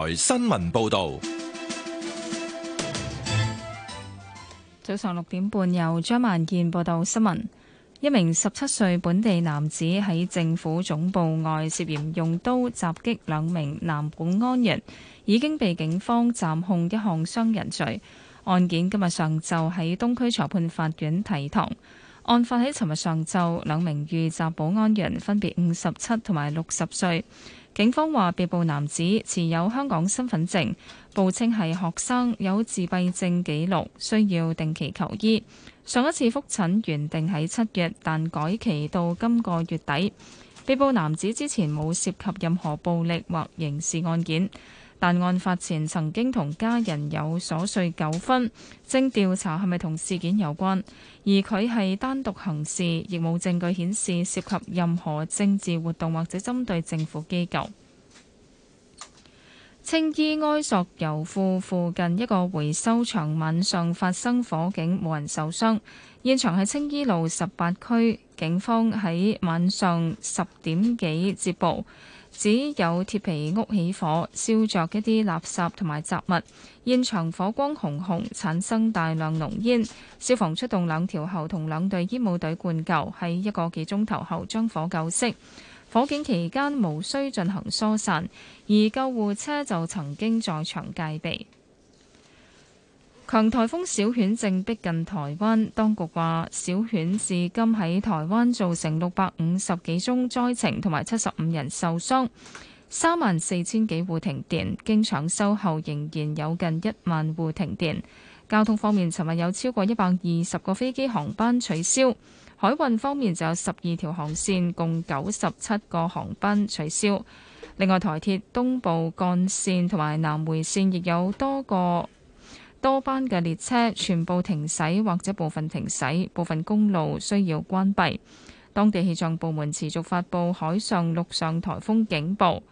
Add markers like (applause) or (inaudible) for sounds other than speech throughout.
台新聞報道，早上六點半由張萬燕報道新聞。一名十七歲本地男子喺政府總部外涉嫌用刀襲擊兩名男保安員，已經被警方暫控一項傷人罪。案件今日上晝喺東區裁判法院提堂。案發喺尋日上晝，兩名遇襲保安員分別五十七同埋六十歲。警方話被捕男子持有香港身份證，報稱係學生，有自閉症記錄，需要定期求醫。上一次覆診原定喺七月，但改期到今個月底。被捕男子之前冇涉及任何暴力或刑事案件。但案發前曾經同家人有瑣碎糾紛，正調查係咪同事件有關。而佢係單獨行事，亦冇證據顯示涉及任何政治活動或者針對政府機構。青 (noise) 衣埃索油庫附近一個回收場晚上發生火警，冇人受傷。現場喺青衣路十八區，警方喺晚上十點幾接報。只有鐵皮屋起火，燒着一啲垃圾同埋雜物，現場火光紅紅，產生大量濃煙。消防出動兩條喉同兩隊煙帽隊灌救，喺一個幾鐘頭後將火救熄。火警期間無需進行疏散，而救護車就曾經在場戒備。強颱風小犬正逼近台灣，當局話小犬至今喺台灣造成六百五十幾宗災情，同埋七十五人受傷，三萬四千幾戶停電，經搶修後仍然有近一萬戶停電。交通方面，尋日有超過一百二十個飛機航班取消，海運方面就有十二條航線，共九十七個航班取消。另外，台鐵東部幹線同埋南迴線亦有多個。多班嘅列車全部停駛或者部分停駛，部分公路需要關閉。當地氣象部門持續發佈海上陸上颱風警報，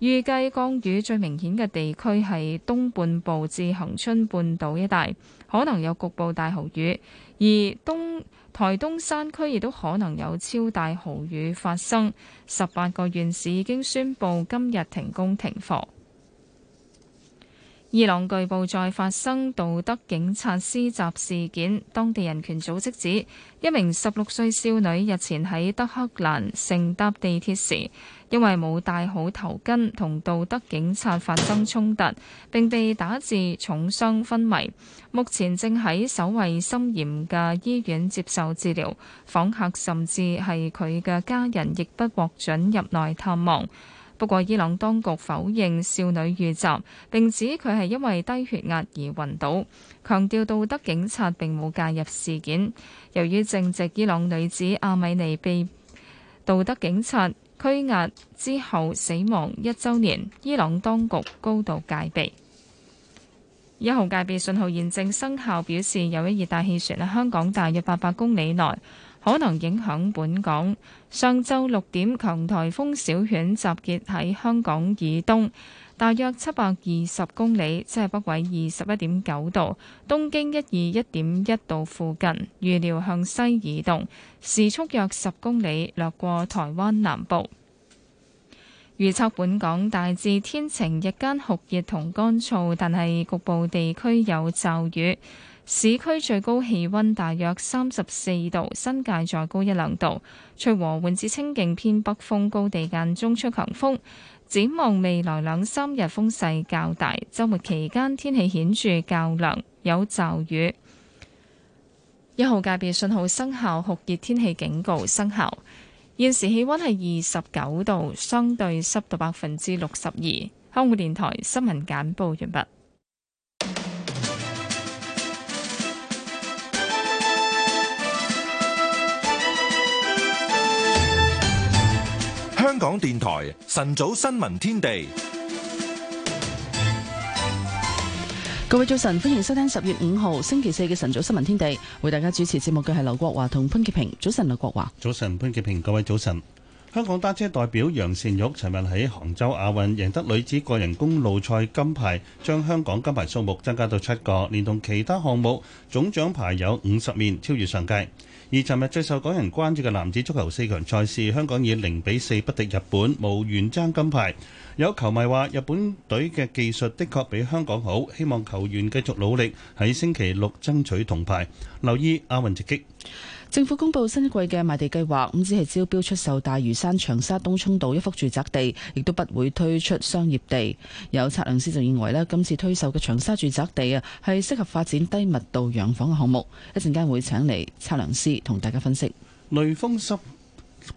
預計降雨最明顯嘅地區係東半部至恒春半島一帶，可能有局部大豪雨，而東台東山區亦都可能有超大豪雨發生。十八個縣市已經宣佈今日停工停課。伊朗據報再發生道德警察施襲事件，當地人權組織指一名十六歲少女日前喺德黑蘭乘搭地鐵時，因為冇戴好頭巾，同道德警察發生衝突，並被打至重傷昏迷，目前正喺守衞森嚴嘅醫院接受治療。訪客甚至係佢嘅家人亦不獲准入內探望。不過，伊朗當局否認少女遇襲，並指佢係因為低血壓而暈倒，強調道德警察並冇介入事件。由於正值伊朗女子阿米尼被道德警察拘押之後死亡一週年，伊朗當局高度戒備。一號戒備信號現正生效，表示有一熱帶氣旋喺香港大約八百公里內，可能影響本港。上晝六點，強颱風小犬集結喺香港以東，大約七百二十公里，即係北緯二十一點九度、東經一二一點一度附近，預料向西移動，時速約十公里，掠過台灣南部。預測本港大致天晴，日間酷熱同乾燥，但係局部地區有驟雨。市區最高氣温大約三十四度，新界再高一兩度。吹和緩至清勁偏北風，高地間中吹強風。展望未來兩三日風勢較大，週末期間天氣顯著較涼，有驟雨。一號戒備信號生效，酷熱天氣警告生效。現時氣温係二十九度，相對濕度百分之六十二。香港電台新聞簡報完畢。香港電台晨早新聞天地，各位早晨，歡迎收聽十月五號星期四嘅晨早新聞天地。為大家主持節目嘅係劉國華同潘潔平。早晨，劉國華。早晨，潘潔平。各位早晨。香港單車代表楊善玉，尋日喺杭州亞運贏得女子個人公路賽金牌，將香港金牌數目增加到七個，連同其他項目總獎牌有五十面，超越上屆。而尋日最受港人關注嘅男子足球四強賽事，香港以零比四不敵日本，無緣爭金牌。有球迷話：日本隊嘅技術的確比香港好，希望球員繼續努力，喺星期六爭取銅牌。留意亞運直擊。政府公布新一季嘅賣地計劃，咁只係招標出售大嶼山長沙東涌道一幅住宅地，亦都不會推出商業地。有測量師就認為呢，今次推售嘅長沙住宅地啊，係適合發展低密度洋房嘅項目。一陣間會請嚟測量師同大家分析。類風濕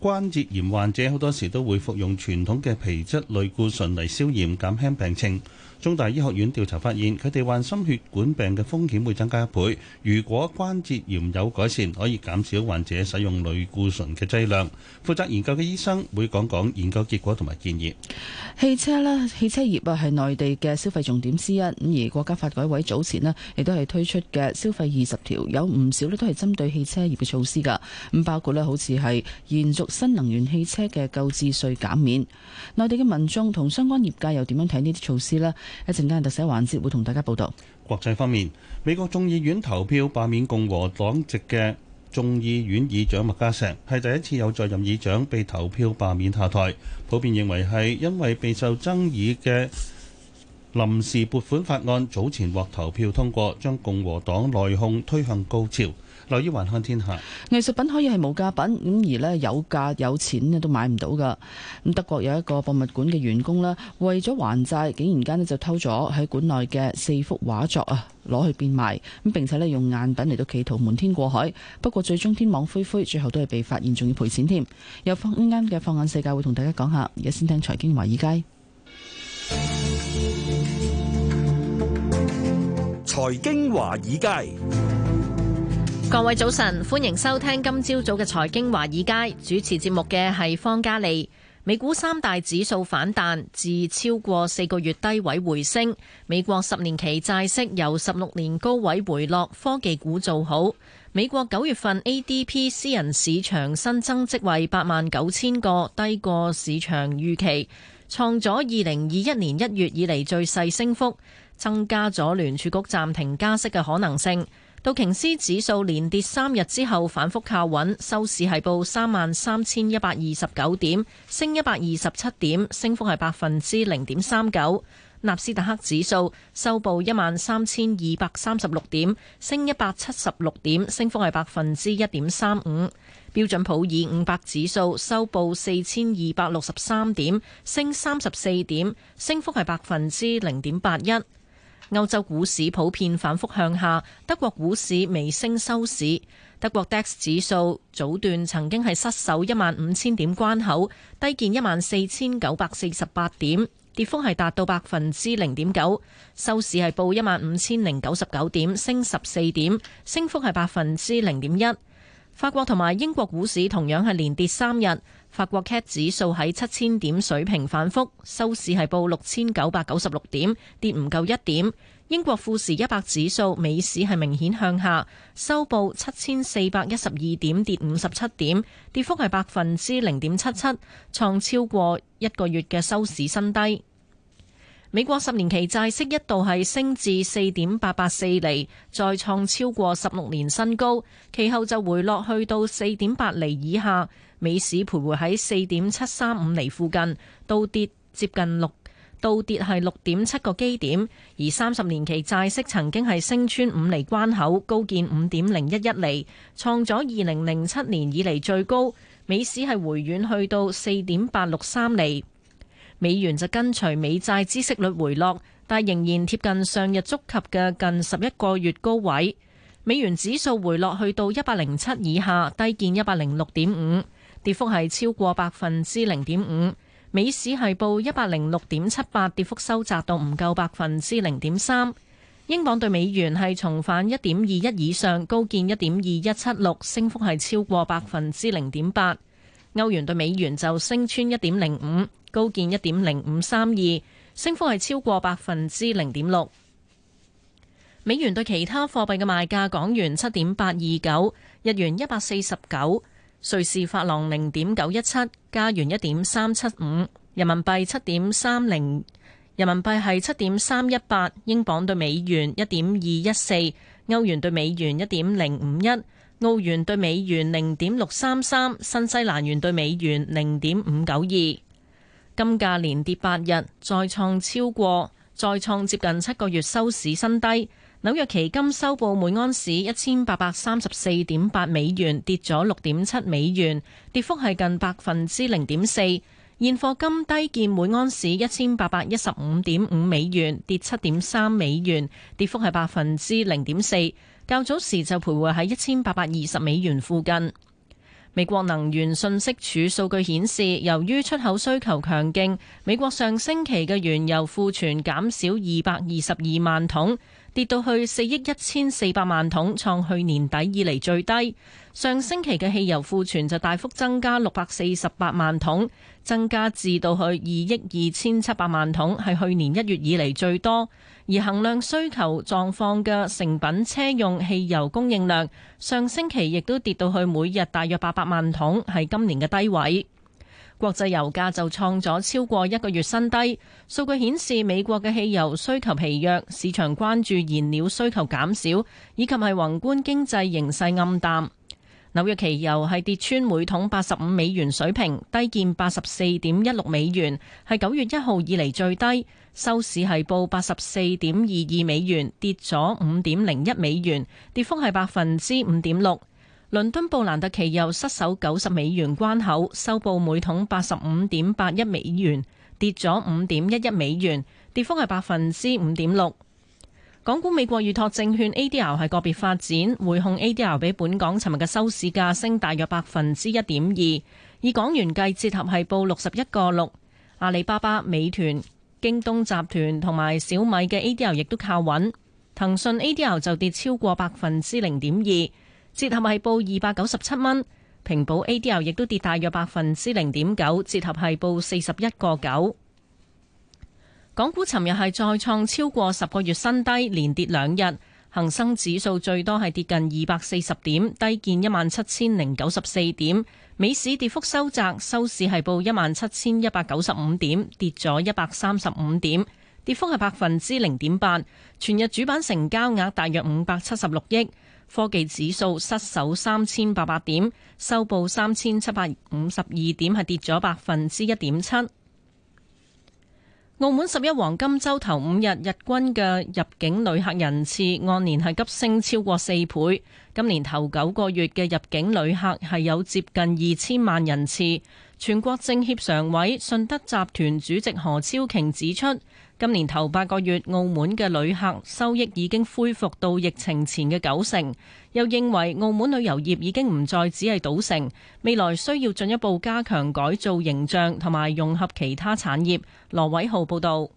關節炎患者好多時都會服用傳統嘅皮質類固醇嚟消炎減輕病情。中大醫學院調查發現，佢哋患心血管病嘅風險會增加一倍。如果關節炎有改善，可以減少患者使用類固醇嘅劑量。負責研究嘅醫生會講講研究結果同埋建議。汽車呢，汽車業啊係內地嘅消費重點之一。咁而國家發改委早前呢亦都係推出嘅消費二十條，有唔少咧都係針對汽車業嘅措施噶。咁包括咧好似係延續新能源汽車嘅購置稅減免。內地嘅民眾同相關業界又點樣睇呢啲措施呢？一陣間特寫環節會同大家報道。國際方面，美國眾議院投票罷免共和黨籍嘅眾議院議長麥嘉錫，係第一次有在任議長被投票罷免下台。普遍認為係因為備受爭議嘅臨時撥款法案早前獲投票通過，將共和黨內訌推向高潮。留意雲看天下，藝術品可以係無價品，咁而咧有價有錢咧都買唔到㗎。咁德國有一個博物館嘅員工咧，為咗還債，竟然間咧就偷咗喺館內嘅四幅畫作啊，攞去變賣，咁並且咧用贗品嚟到企圖瞞天過海。不過最終天網恢恢，最後都係被發現，仲要賠錢添。有啱嘅放眼世界會同大家講下，而家先聽財經華爾街，財經華爾街。各位早晨，歡迎收聽今朝早嘅財經華爾街。主持節目嘅係方嘉利。美股三大指數反彈，至超過四個月低位回升。美國十年期債息由十六年高位回落，科技股做好。美國九月份 ADP 私人市場新增職位八萬九千個，低過市場預期，創咗二零二一年一月以嚟最細升幅，增加咗聯儲局暫停加息嘅可能性。道瓊斯指數連跌三日之後反覆靠穩，收市係報三萬三千一百二十九點，升一百二十七點，升幅係百分之零點三九。納斯達克指數收報一萬三千二百三十六點，升一百七十六點，升幅係百分之一點三五。標準普爾五百指數收報四千二百六十三點，升三十四點，升幅係百分之零點八一。歐洲股市普遍反覆向下，德國股市微升收市。德國 DAX 指數早段曾經係失守一萬五千點關口，低見一萬四千九百四十八點，跌幅係達到百分之零點九，收市係報一萬五千零九十九點，升十四點，升幅係百分之零點一。法國同埋英國股市同樣係連跌三日。法國 CAC 指數喺七千點水平反覆收市，係報六千九百九十六點，跌唔夠一點。英國富時一百指數，美市係明顯向下收報七千四百一十二點，跌五十七點，跌幅係百分之零點七七，創超過一個月嘅收市新低。美國十年期債息一度係升至四點八八四厘，再創超過十六年新高，其後就回落去到四點八厘以下。美市徘徊喺四點七三五厘附近，倒跌接近六，倒跌係六點七個基點，而三十年期債息曾經係升穿五厘關口，高見五點零一一厘，創咗二零零七年以嚟最高。美市係回軟去到四點八六三厘，美元就跟隨美債孳息率回落，但仍然貼近上日觸及嘅近十一個月高位。美元指數回落去到一百零七以下，低見一百零六點五。跌幅係超過百分之零點五，美市係報一百零六點七八，跌幅收窄到唔夠百分之零點三。英磅對美元係重返一點二一以上，高見一點二一七六，升幅係超過百分之零點八。歐元對美元就升穿一點零五，高見一點零五三二，升幅係超過百分之零點六。美元對其他貨幣嘅賣價，港元七點八二九，日元一百四十九。瑞士法郎零點九一七，加元一點三七五，人民幣七點三零，人民幣係七點三一八，英鎊兌美元一點二一四，歐元兌美元一點零五一，澳元兌美元零點六三三，新西蘭元兌美元零點五九二。金價連跌八日，再創超過，再創接近七個月收市新低。紐約期金收報每安士一千八百三十四點八美元，跌咗六點七美元，跌幅係近百分之零點四。現貨金低見每安士一千八百一十五點五美元，跌七點三美元，跌幅係百分之零點四。較早時就徘徊喺一千八百二十美元附近。美國能源信息署數據顯示，由於出口需求強勁，美國上星期嘅原油庫存減少二百二十二萬桶。跌到去四億一千四百萬桶，創去年底以嚟最低。上星期嘅汽油庫存就大幅增加六百四十八萬桶，增加至到去二億二千七百萬桶，係去年一月以嚟最多。而衡量需求狀況嘅成品車用汽油供應量，上星期亦都跌到去每日大約八百萬桶，係今年嘅低位。國際油價就創咗超過一個月新低。數據顯示，美國嘅汽油需求疲弱，市場關注燃料需求減少，以及係宏觀經濟形勢暗淡。紐約期油係跌穿每桶八十五美元水平，低見八十四點一六美元，係九月一號以嚟最低。收市係報八十四點二二美元，跌咗五點零一美元，跌幅係百分之五點六。倫敦布蘭特期油失守九十美元關口，收報每桶八十五點八一美元，跌咗五點一一美元，跌幅係百分之五點六。港股美國預託證券 ADR 係個別發展，匯控 ADR 比本港尋日嘅收市價升大約百分之一點二，以港元計，折合係報六十一個六。阿里巴巴、美團、京東集團同埋小米嘅 ADR 亦都靠穩，騰訊 ADR 就跌超過百分之零點二。折合係報二百九十七蚊，平保 ADR 亦都跌大約百分之零點九，折合係報四十一個九。港股尋日係再創超過十個月新低，連跌兩日，恒生指數最多係跌近二百四十點，低見一萬七千零九十四點。美市跌幅收窄，收市係報一萬七千一百九十五點，跌咗一百三十五點，跌幅係百分之零點八。全日主板成交額大約五百七十六億。科技指數失守三千八百點，收報三千七百五十二點，係跌咗百分之一點七。澳門十一黃金週頭五日日均嘅入境旅客人次按年係急升超過四倍，今年頭九個月嘅入境旅客係有接近二千萬人次。全國政協常委、信德集團主席何超瓊指出。今年頭八個月，澳門嘅旅客收益已經恢復到疫情前嘅九成。又認為澳門旅遊業已經唔再只係賭城，未來需要進一步加強改造形象同埋融合其他產業。羅偉浩報導。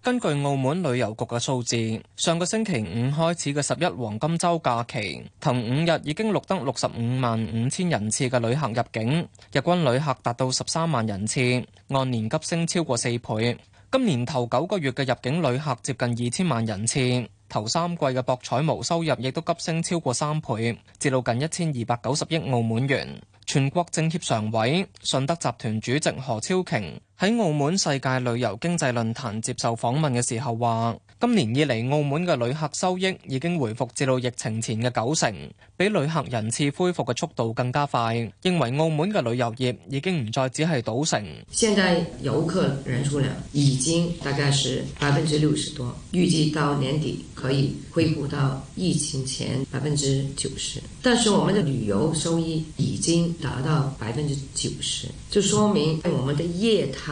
根據澳門旅遊局嘅數字，上個星期五開始嘅十一黃金週假期，同五日已經錄得六十五萬五千人次嘅旅客入境，日均旅客達到十三萬人次，按年急升超過四倍。今年頭九個月嘅入境旅客接近二千萬人次，頭三季嘅博彩毛收入亦都急升超過三倍，至到近一千二百九十億澳門元。全國政協常委、信德集團主席何超瓊。喺澳門世界旅遊經濟論壇接受訪問嘅時候話，今年以嚟澳門嘅旅客收益已經回復至到疫情前嘅九成，比旅客人次恢復嘅速度更加快。認為澳門嘅旅遊業已經唔再只係賭城。現在遊客人數量已經大概是百分之六十多，預計到年底可以恢復到疫情前百分之九十。但是我們的旅遊收益已經達到百分之九十，就說明我們的業態。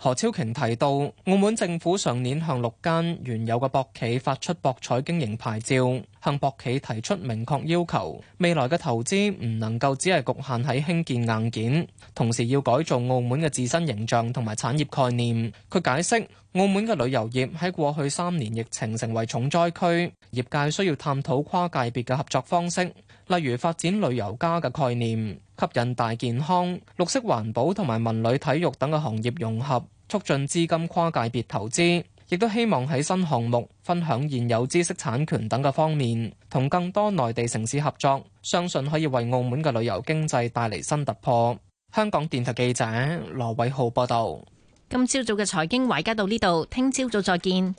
何超瓊提到，澳門政府上年向六間原有嘅博企發出博彩經營牌照，向博企提出明確要求，未來嘅投資唔能夠只係局限喺興建硬件，同時要改造澳門嘅自身形象同埋產業概念。佢解釋，澳門嘅旅遊業喺過去三年疫情成為重災區，業界需要探討跨界別嘅合作方式，例如發展旅遊家嘅概念。吸引大健康、綠色環保同埋文旅體育等嘅行業融合，促進資金跨界別投資，亦都希望喺新項目、分享現有知識產權等嘅方面，同更多內地城市合作，相信可以為澳門嘅旅遊經濟帶嚟新突破。香港電台記者羅偉浩報道。今朝早嘅財經話家到呢度，聽朝早再見。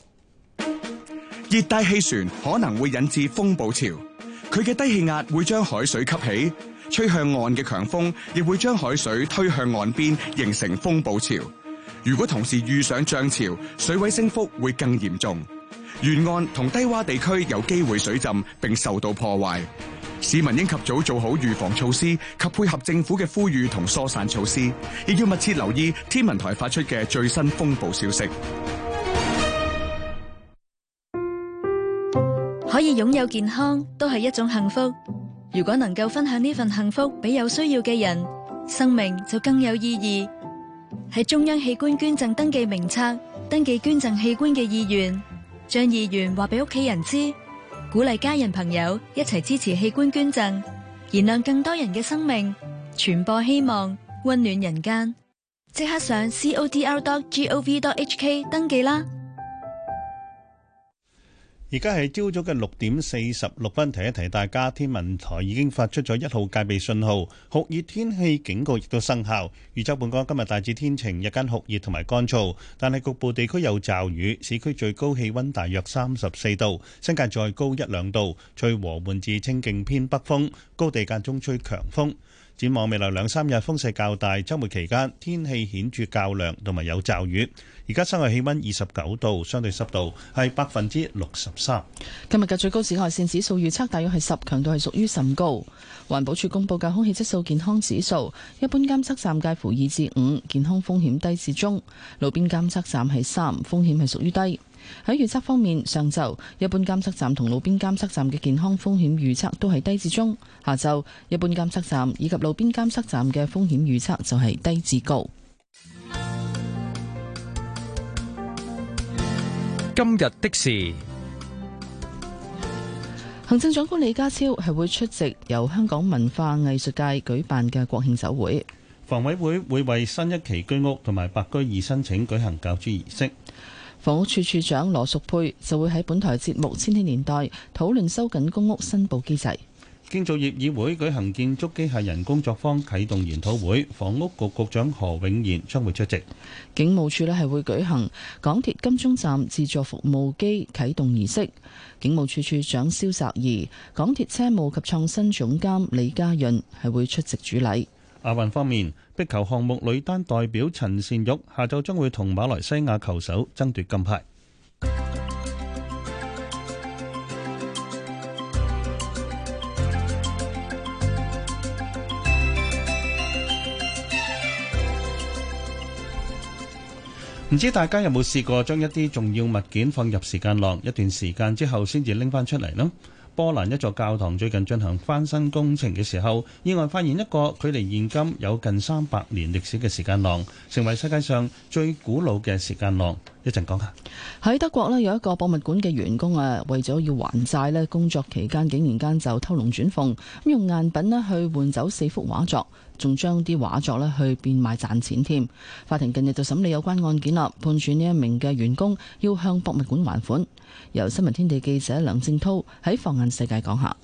熱帶氣旋可能會引致風暴潮，佢嘅低氣壓會將海水吸起。吹向岸嘅強風亦會將海水推向岸邊，形成風暴潮。如果同時遇上漲潮，水位升幅會更嚴重。沿岸同低窪地區有機會水浸並受到破壞。市民應及早做好預防措施及配合政府嘅呼籲同疏散措施，亦要密切留意天文台發出嘅最新風暴消息。可以擁有健康，都係一種幸福。如果能夠分享呢份幸福俾有需要嘅人，生命就更有意義。喺《中央器官捐贈登記名冊登記捐贈器官嘅意願，將意願話俾屋企人知，鼓勵家人朋友一齊支持器官捐贈，燃亮更多人嘅生命，傳播希望，溫暖人間。即刻上 codr.gov.hk 登記啦！而家喺朝早嘅六點四十六分，提一提大家，天文台已經發出咗一號戒備信號，酷熱天氣警告亦都生效。漁洲本港今日大致天晴，日間酷熱同埋乾燥，但係局部地區有驟雨。市區最高氣溫大約三十四度，新界再高一兩度，吹和緩至清勁偏北風，高地間中吹強風。展望未來兩三日風勢較大，周末期間天氣顯著較涼同埋有驟雨。而家室外氣溫二十九度，相對濕度係百分之六十三。今日嘅最高紫外線指數預測大約係十，強度係屬於甚高。環保署公布嘅空氣質素健康指數一般監測站介乎二至五，健康風險低至中；路邊監測站係三，風險係屬於低。喺預測方面，上晝一般監測站同路邊監測站嘅健康風險預測都係低至中；下晝一般監測站以及路邊監測站嘅風險預測就係低至高。今日的事，行政長官李家超係會出席由香港文化藝術界舉辦嘅國慶酒會。房委會會為新一期居屋同埋白居二申請舉行攪珠儀式。房屋處處長羅淑佩就會喺本台節目《千禧年代》討論收緊公屋申報機制。建造業議會舉行建築機械人工作坊啟動研討會，房屋局局，局長何永賢將會出席。警務處呢係會舉行港鐵金鐘站自助服務機啟動儀式，警務處處長蕭澤頤、港鐵車務及創新總監李家潤係會出席主禮。亞運方面，壁球項目女單代表陳善玉下晝將會同馬來西亞球手爭奪金牌。唔知大家有冇試過將一啲重要物件放入時間囊，一段時間之後先至拎翻出嚟呢？波蘭一座教堂最近進行翻新工程嘅時候，意外發現一個距離現今有近三百年歷史嘅時間囊，成為世界上最古老嘅時間囊。一陣講下。喺德國呢，有一個博物館嘅員工啊，為咗要還債呢，工作期間竟然間就偷龍轉鳳，咁用贗品呢去換走四幅畫作。仲將啲畫作咧，去變賣賺錢添。法庭近日就審理有關案件啦，判處呢一名嘅員工要向博物館還款。由新聞天地記者梁正濤喺放眼世界講下。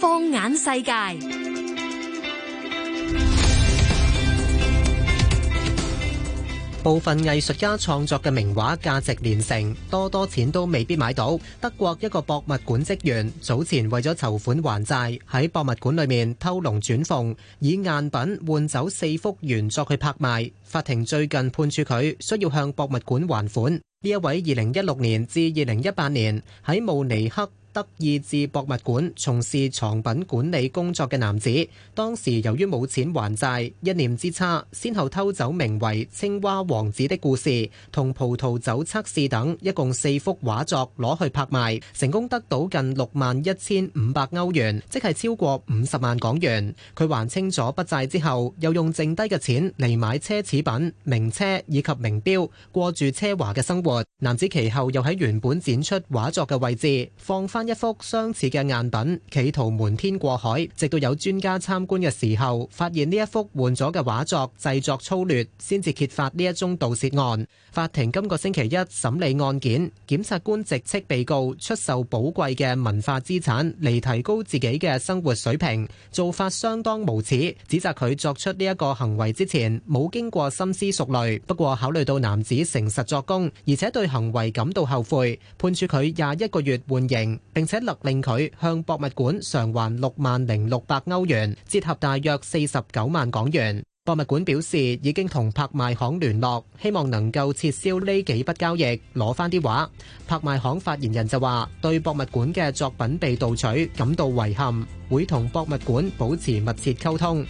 放眼世界。部分藝術家創作嘅名畫價值連城，多多錢都未必買到。德國一個博物館職員早前為咗籌款還債，喺博物館裏面偷龍轉鳳，以贋品換走四幅原作去拍賣。法庭最近判處佢需要向博物館還款。呢一位二零一六年至二零一八年喺慕尼黑。德意志博物館從事藏品管理工作嘅男子，當時由於冇錢還債，一念之差，先後偷走名為《青蛙王子》的故事同《葡萄酒測試》等一共四幅畫作攞去拍賣，成功得到近六萬一千五百歐元，即係超過五十萬港元。佢還清咗筆債之後，又用剩低嘅錢嚟買奢侈品、名車以及名錶，過住奢華嘅生活。男子其後又喺原本展出畫作嘅位置放翻。一幅相似嘅贗品，企圖瞞天過海，直到有專家參觀嘅時候，發現呢一幅換咗嘅畫作製作粗劣，先至揭發呢一宗盜竊案。法庭今個星期一審理案件，檢察官直斥被告出售寶貴嘅文化資產嚟提高自己嘅生活水平，做法相當無恥，指責佢作出呢一個行為之前冇經過深思熟慮。不過考慮到男子誠實作供，而且對行為感到後悔，判處佢廿一個月緩刑。並且勒令佢向博物館償還六萬零六百歐元，折合大約四十九萬港元。博物館表示已經同拍賣行聯絡，希望能夠撤銷呢幾筆交易，攞翻啲畫。拍賣行發言人就話：對博物館嘅作品被盜取感到遺憾，會同博物館保持密切溝通。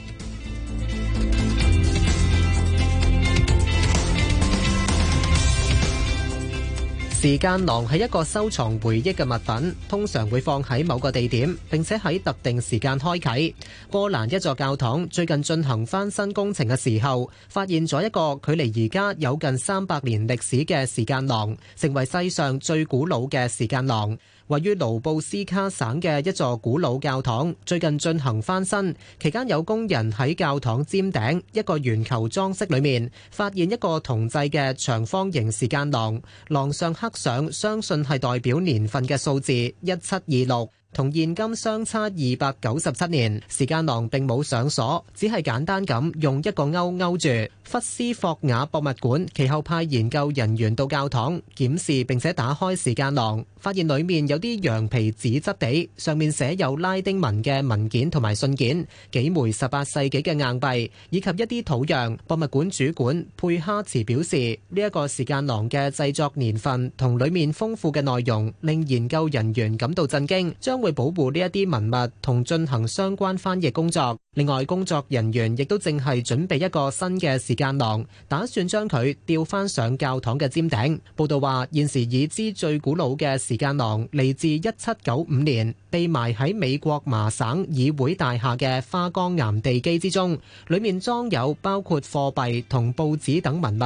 時間囊係一個收藏回憶嘅物品，通常會放喺某個地點，並且喺特定時間開啟。波蘭一座教堂最近進行翻新工程嘅時候，發現咗一個距離而家有近三百年歷史嘅時間囊，成為世上最古老嘅時間囊。位於盧布斯卡省嘅一座古老教堂，最近進行翻新期間，有工人喺教堂尖頂一個圓球裝飾裏面，發現一個銅製嘅長方形時間囊。囊上刻上相，相信係代表年份嘅數字一七二六，同現今相差二百九十七年。時間囊並冇上鎖，只係簡單咁用一個勾勾住。弗斯霍雅博物館其後派研究人員到教堂檢視並且打開時間囊。發現裡面有啲羊皮紙質地，上面寫有拉丁文嘅文件同埋信件，幾枚十八世紀嘅硬幣，以及一啲土壤。博物館主管佩哈茨表示：呢、這、一個時間囊嘅製作年份同裡面豐富嘅內容，令研究人員感到震驚。將會保護呢一啲文物同進行相關翻譯工作。另外，工作人員亦都正係準備一個新嘅時間囊，打算將佢調返上教堂嘅尖頂。報道話：現時已知最古老嘅時間囊嚟自一七九五年，被埋喺美國麻省議會大廈嘅花崗岩地基之中，裏面裝有包括貨幣同報紙等文物。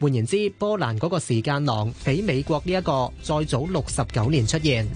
換言之，波蘭嗰個時間囊比美國呢一個再早六十九年出現。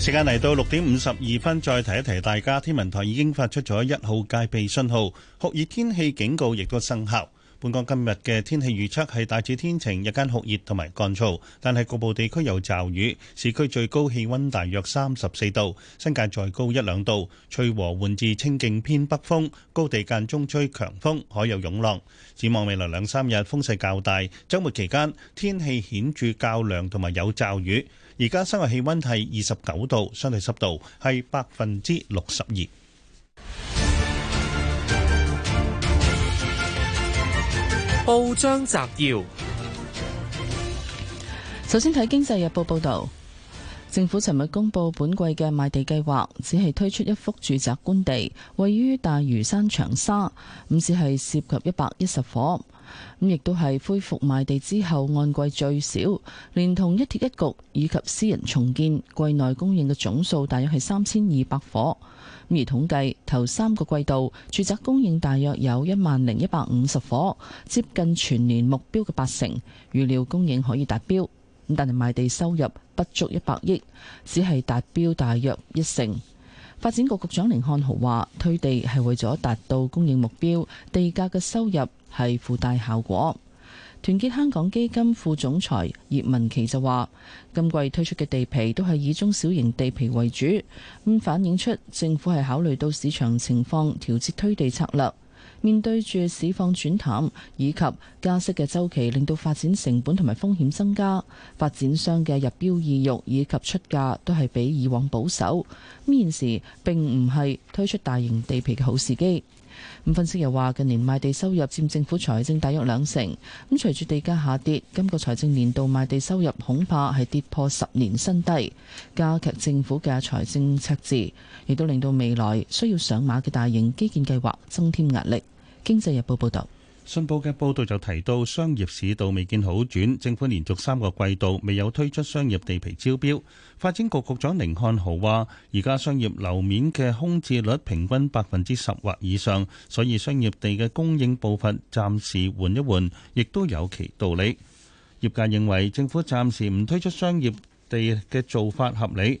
時間嚟到六點五十二分，再提一提大家，天文台已經發出咗一號戒備信號，酷熱天氣警告亦都生效。本港今日嘅天氣預測係大致天晴，日間酷熱同埋乾燥，但係局部地區有驟雨。市區最高氣温大約三十四度，新界再高一兩度。吹和緩至清勁偏北風，高地間中吹強風，海有湧浪。展望未來兩三日風勢較大，周末期間天氣顯著較涼同埋有驟雨。而家室外氣溫係二十九度，相對濕度係百分之六十二。報章摘要：首先睇《經濟日報》報導，政府尋日公布本季嘅賣地計劃，只係推出一幅住宅官地，位於大嶼山長沙，唔只係涉及一百一十伙。亦都係恢復賣地之後，按季最少連同一鐵一局以及私人重建，季內供應嘅總數大約係三千二百伙。而統計頭三個季度住宅供應大約有一萬零一百五十伙，接近全年目標嘅八成，預料供應可以達標。但係賣地收入不足一百億，只係達標大約一成。發展局局長寧漢豪話：推地係為咗達到供應目標，地價嘅收入係附帶效果。團結香港基金副總裁葉文祺就話：今季推出嘅地皮都係以中小型地皮為主，咁反映出政府係考慮到市場情況，調節推地策略。面對住市況轉淡以及加息嘅周期，令到發展成本同埋風險增加，發展商嘅入標意欲以及出價都係比以往保守。現時並唔係推出大型地皮嘅好時機。分析又話，近年賣地收入佔政府財政大約兩成，咁隨住地價下跌，今個財政年度賣地收入恐怕係跌破十年新低，加劇政府嘅財政赤字，亦都令到未來需要上馬嘅大型基建計劃增添壓力。經濟日報報道。信報嘅報道就提到，商業市道未見好轉，政府連續三個季度未有推出商業地皮招標。發展局局長寧漢豪話，而家商業樓面嘅空置率平均百分之十或以上，所以商業地嘅供應步伐暫時緩一緩，亦都有其道理。業界認為政府暫時唔推出商業地嘅做法合理。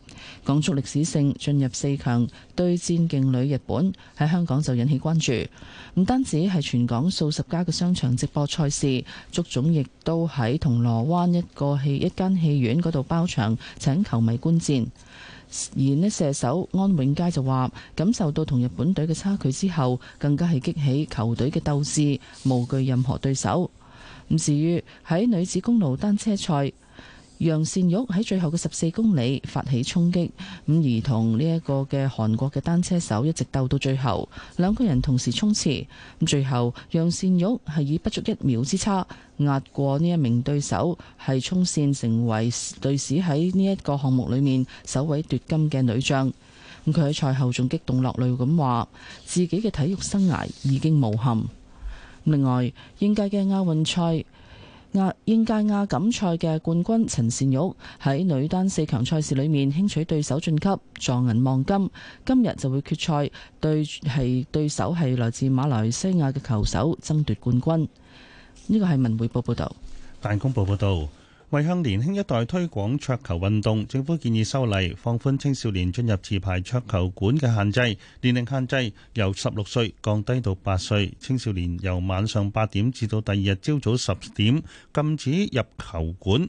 港足歷史性進入四強對戰勁旅日本喺香港就引起關注，唔單止係全港數十家嘅商場直播賽事，足總亦都喺銅鑼灣一個戲一間戲院嗰度包場請球迷觀戰。而呢射手安永佳就話：感受到同日本隊嘅差距之後，更加係激起球隊嘅鬥志，無懼任何對手。咁至於喺女子公路單車賽。楊善玉喺最後嘅十四公里發起衝擊，咁而同呢一個嘅韓國嘅單車手一直鬥到最後，兩個人同時衝刺，咁最後楊善玉係以不足一秒之差壓過呢一名對手，係衝線成為隊史喺呢一個項目裡面首位奪金嘅女將。佢喺賽後仲激動落淚咁話，自己嘅體育生涯已經無憾。另外，應屆嘅亞運賽亞應屆亞錦賽嘅冠軍陳善玉喺女單四強賽事裏面輕取對手晉級，撞銀望金，今日就會決賽對係對手係來自馬來西亞嘅球手爭奪冠軍。呢個係文匯報報道，大公報報道。為向年輕一代推廣桌球運動，政府建議修例放寬青少年進入持牌桌球館嘅限制，年齡限制由十六歲降低到八歲，青少年由晚上八點至到第二日朝早十點禁止入球館，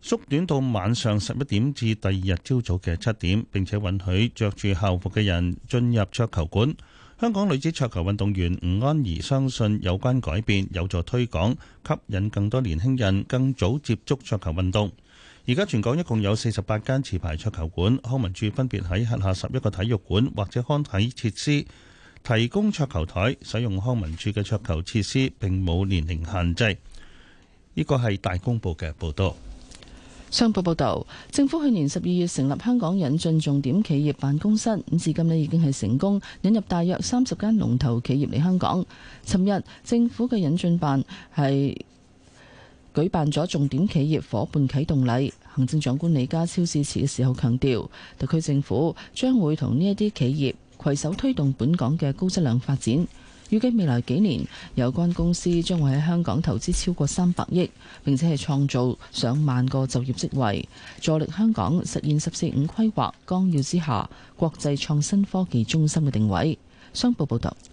縮短到晚上十一點至第二日朝早嘅七點，並且允許着住校服嘅人進入桌球館。香港女子桌球運動員吳安怡相信有關改變有助推廣，吸引更多年輕人更早接觸桌球運動。而家全港一共有四十八間持牌桌球館，康文署分別喺轄下十一個體育館或者康體設施提供桌球台，使用康文署嘅桌球設施並冇年齡限制。呢個係大公報嘅報道。商報報道，政府去年十二月成立香港引進重點企業辦公室，咁至今呢已經係成功引入大約三十間龍頭企業嚟香港。尋日政府嘅引進辦係舉辦咗重點企業夥伴啟動禮，行政長官李家超致辭嘅時候強調，特區政府將會同呢一啲企業攜手推動本港嘅高質量發展。預計未來幾年，有關公司將會喺香港投資超過三百億，並且係創造上萬個就業職位，助力香港實現“十四五”規劃綱要之下國際創新科技中心嘅定位。商報報道，《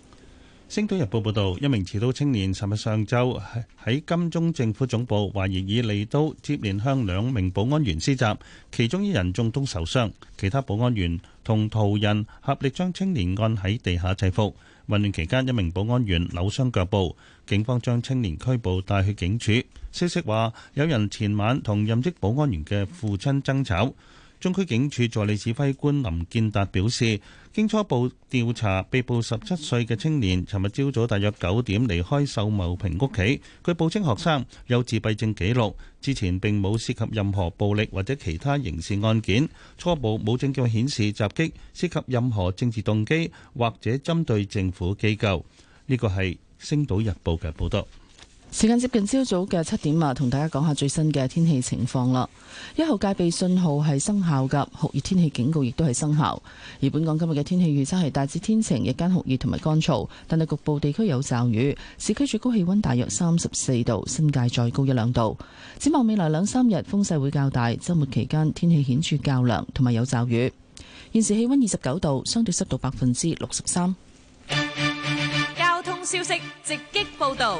星島日報》報道，一名持刀青年尋日上晝喺金鐘政府總部，懷疑以利刀接連向兩名保安員施襲，其中一人中刀受傷，其他保安員同途人合力將青年按喺地下制服。混亂期間，一名保安員扭傷腳部，警方將青年拘捕帶去警署。消息話有人前晚同任職保安員嘅父親爭吵。中區警署助理指揮官林建達表示，經初步調查，被捕十七歲嘅青年，尋日朝早大約九點離開秀茂坪屋企。佢報稱學生有自閉症記錄，之前並冇涉及任何暴力或者其他刑事案件。初步冇證據顯示襲擊涉及任何政治動機或者針對政府機構。呢個係《星島日報》嘅報道。時間接近朝早嘅七點啊，同大家講下最新嘅天氣情況啦。一號戒備信號係生效噶，酷熱天氣警告亦都係生效。而本港今日嘅天氣預測係大致天晴，日間酷熱同埋乾燥，但係局部地區有驟雨。市區最高氣温大約三十四度，新界再高一兩度。展望未來兩三日，風勢會較大，周末期間天氣顯著較涼，同埋有驟雨。現時氣温二十九度，相對濕度百分之六十三。交通消息直擊報道。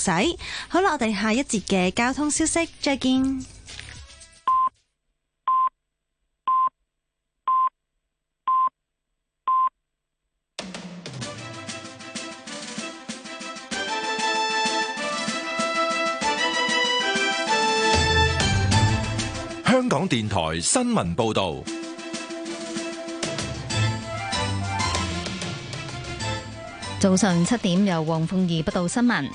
使好啦，我哋下一節嘅交通消息再見。香港電台新聞報道，早上七點由黃鳳儀報道新聞。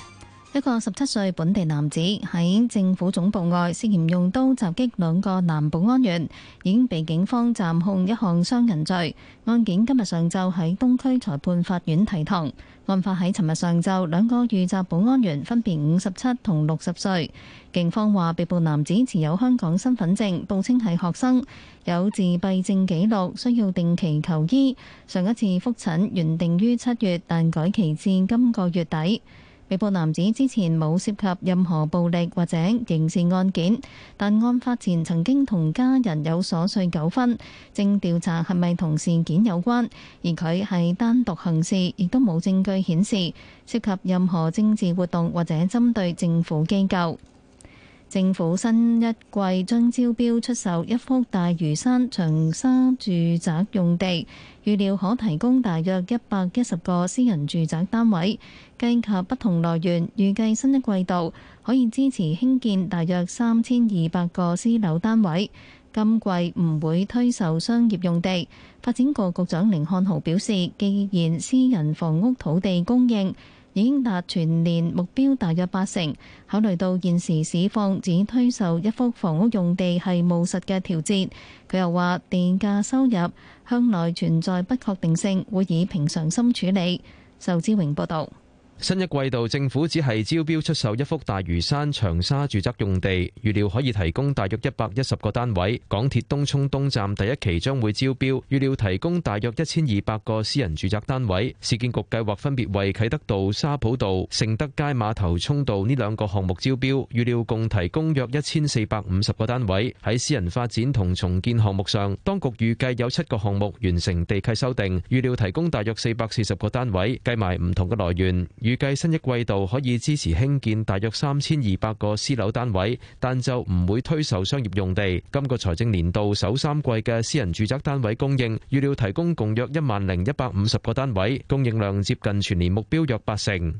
一個十七歲本地男子喺政府總部外涉嫌用刀襲擊兩個男保安員，已經被警方暫控一項傷人罪。案件今日上晝喺東區裁判法院提堂。案發喺尋日上晝，兩個遇襲保安員分別五十七同六十歲。警方話被捕男子持有香港身份證，報稱係學生，有自閉症紀錄，需要定期求醫。上一次複診原定於七月，但改期至今個月底。被捕男子之前冇涉及任何暴力或者刑事案件，但案發前曾經同家人有瑣碎糾紛，正調查係咪同事件有關。而佢係單獨行事，亦都冇證據顯示涉及任何政治活動或者針對政府機構。政府新一季將招標出售一幅大嶼山長沙住宅用地，預料可提供大約一百一十個私人住宅單位。計及不同來源，預計新一季度可以支持興建大約三千二百個私樓單位。今季唔會推售商業用地。發展局局長甯漢豪表示，既然私人房屋土地供應，已經達全年目標大約八成。考慮到現時市況，只推售一幅房屋用地，係務實嘅調節。佢又話地價收入向來存在不確定性，會以平常心處理。仇志榮報導。新一季度政府只係招標出售一幅大嶼山長沙住宅用地，預料可以提供大約一百一十個單位。港鐵東涌東站第一期將會招標，預料提供大約一千二百個私人住宅單位。市建局計劃分別為啟德道、沙浦道、盛德街、馬頭涌道呢兩個項目招標，預料共提供約一千四百五十個單位。喺私人發展同重建項目上，當局預計有七個項目完成地契修訂，預料提供大約四百四十個單位。計埋唔同嘅來源。預計新一季度可以支持興建大約三千二百個私樓單位，但就唔會推售商業用地。今個財政年度首三季嘅私人住宅單位供應預料提供共約一萬零一百五十個單位，供應量接近全年目標約八成。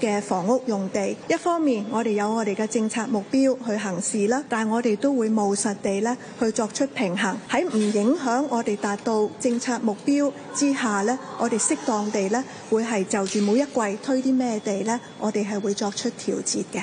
嘅房屋用地，一方面我哋有我哋嘅政策目標去行事啦，但係我哋都會務實地咧去作出平衡，喺唔影響我哋達到政策目標之下咧，我哋適當地咧會係就住每一季推啲咩地咧，我哋係會作出調節嘅。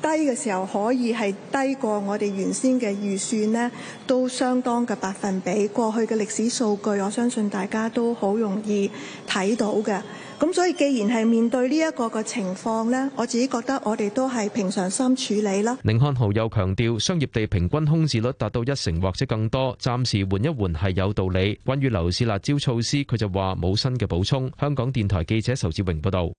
低嘅時候可以係低過我哋原先嘅預算呢，都相當嘅百分比。過去嘅歷史數據我相信大家都好容易睇到嘅。咁所以，既然係面對呢一個嘅情況呢，我自己覺得我哋都係平常心處理啦。甯漢豪又強調商業地平均空置率達到一成或者更多，暫時緩一緩係有道理。關於樓市辣招措施，佢就話冇新嘅補充。香港電台記者仇志榮報道。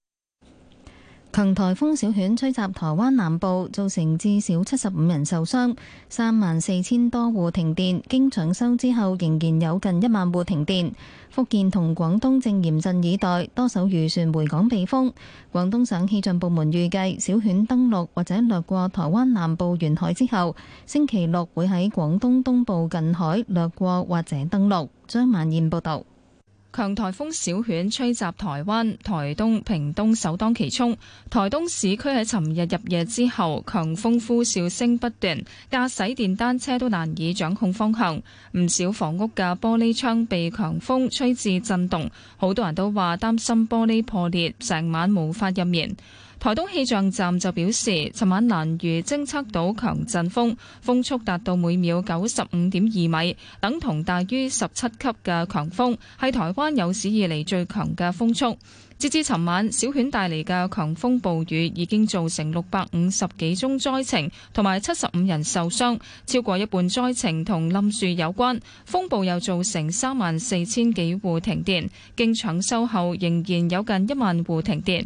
強台風小犬吹襲台灣南部，造成至少七十五人受傷，三萬四千多戶停電。經搶修之後，仍然有近一萬戶停電。福建同廣東正嚴陣以待，多艘漁船回港避風。廣東省氣象部門預計，小犬登陸或者掠過台灣南部沿海之後，星期六會喺廣東東部近海掠過或者登陸。張曼燕報道。強颱風小犬吹襲台灣，台東、屏東首當其衝。台東市區喺尋日入夜之後，強風呼嘯聲不斷，駕駛電單車都難以掌控方向。唔少房屋嘅玻璃窗被強風吹至震動，好多人都話擔心玻璃破裂，成晚無法入眠。台東氣象站就表示，尋晚蘭嶼偵測到強陣風，風速達到每秒九十五點二米，等同大於十七級嘅強風，係台灣有史以嚟最強嘅風速。截至尋晚，小犬帶嚟嘅強風暴雨已經造成六百五十幾宗災情，同埋七十五人受傷，超過一半災情同冧樹有關。風暴又造成三萬四千幾戶停電，經搶修後仍然有近一萬戶停電。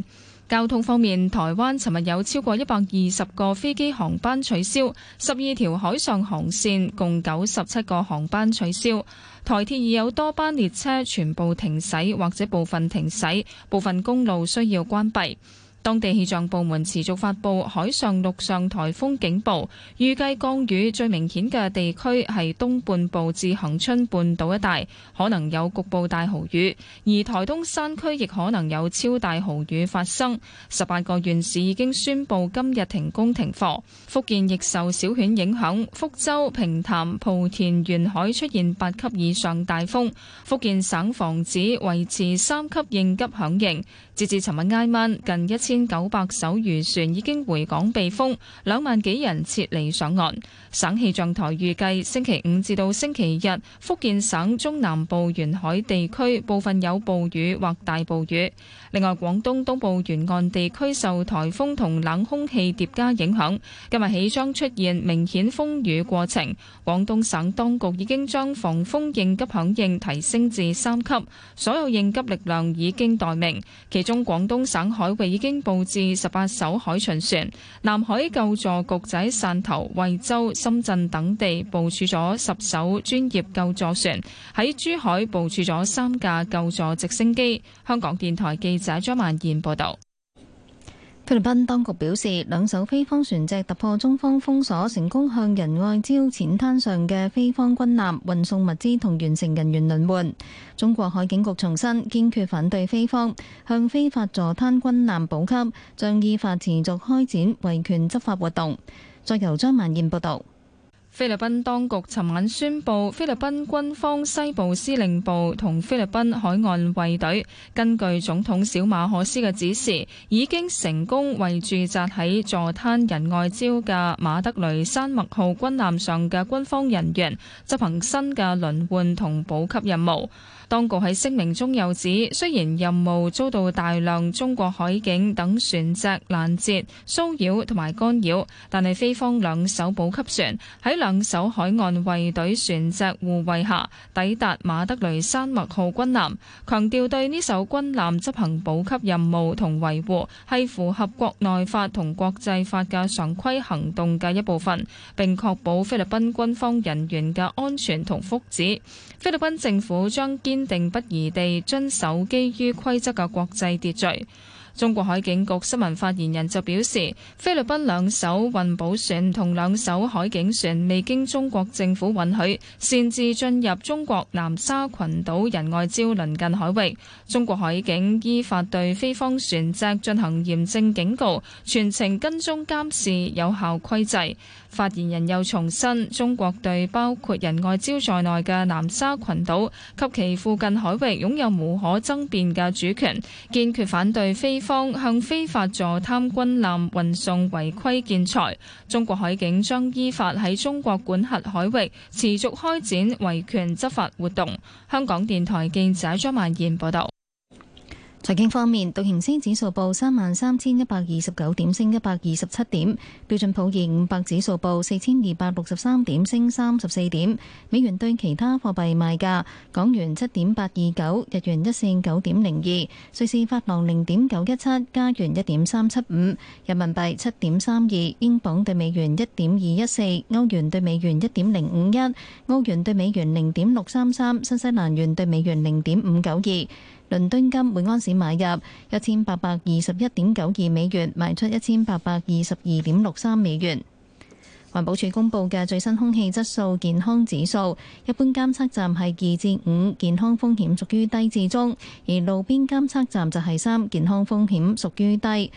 交通方面，台灣尋日有超過一百二十個飛機航班取消，十二條海上航線共九十七個航班取消。台鐵已有多班列車全部停駛，或者部分停駛，部分公路需要關閉。當地氣象部門持續發佈海上陸上颱風警報，預計降雨最明顯嘅地區係東半部至恒春半島一帶，可能有局部大豪雨；而台東山區亦可能有超大豪雨發生。十八個縣市已經宣布今日停工停課。福建亦受小犬影響，福州、平潭、莆田、沿海出現八級以上大風，福建省防指維持三級應急響應。截至尋日挨晚，近一千千九百艘漁船已經回港避風，兩萬幾人撤離上岸。省氣象台預計，星期五至到星期日，福建省中南部沿海地區部分有暴雨或大暴雨。另外，廣東東部沿岸地區受颱風同冷空氣疊加影響，今日起將出現明顯風雨過程。廣東省當局已經將防風應急響應提升至三級，所有應急力量已經待命。其中，廣東省海域已經佈置十八艘海巡船，南海救助局仔、汕頭、惠州、深圳等地部署咗十艘專業救助船，喺珠海部署咗三架救助直升機。香港電台記者。記者張曼燕報道，菲律賓當局表示，兩艘菲方船隻突破中方封鎖，成功向仁愛礁淺灘上嘅菲方軍艦運送物資同完成人員輪換。中國海警局重申，堅決反對菲方向非法坐灘軍艦補給，將依法持續開展維權執法活動。再由張曼燕報道。菲律賓當局昨晚宣布，菲律賓軍方西部司令部同菲律賓海岸衛隊根據總統小馬可斯嘅指示，已經成功為駐紮喺坐灘仁愛礁嘅馬德雷山脈號軍艦上嘅軍方人員執行新嘅輪換同補給任務。當局喺聲明中又指，雖然任務遭到大量中國海警等船隻攔截、騷擾同埋干擾，但係菲方兩艘補給船喺兩艘海岸衛隊船隻護衛下抵達馬德雷山脈號軍艦，強調對呢艘軍艦執行補給任務同維護係符合國內法同國際法嘅常規行動嘅一部分，並確保菲律賓軍方人員嘅安全同福祉。菲律賓政府將堅堅定不移地遵守基於規則嘅國際秩序。中國海警局新聞發言人就表示，菲律賓兩艘運保船同兩艘海警船未經中國政府允許，擅自進入中國南沙群島仁愛礁鄰近海域。中國海警依法對菲方船隻進行嚴正警告，全程跟蹤監視，有效規制。發言人又重申，中國對包括仁愛礁在內嘅南沙群島及其附近海域擁有無可爭辯嘅主權，堅決反對菲方向非法坐灘、軍艦運送違規建材。中國海警將依法喺中國管轄海域持續開展維權執法活動。香港電台記者張萬賢報道。財經方面，道瓊斯指數報三萬三千一百二十九點，升一百二十七點；標準普爾五百指數報四千二百六十三點，升三十四點。美元對其他貨幣賣價，港元七點八二九，日元一線九點零二，瑞士法郎零點九一七，加元一點三七五，人民幣七點三二，英鎊對美元一點二一四，歐元對美元一點零五一，澳元對美元零點六三三，新西蘭元對美元零點五九二。倫敦金每安士買入一千八百二十一點九二美元，賣出一千八百二十二點六三美元。環保署公布嘅最新空氣質素健康指數，一般監測站係二至五，健康風險屬於低至中；而路邊監測站就係三，健康風險屬於低。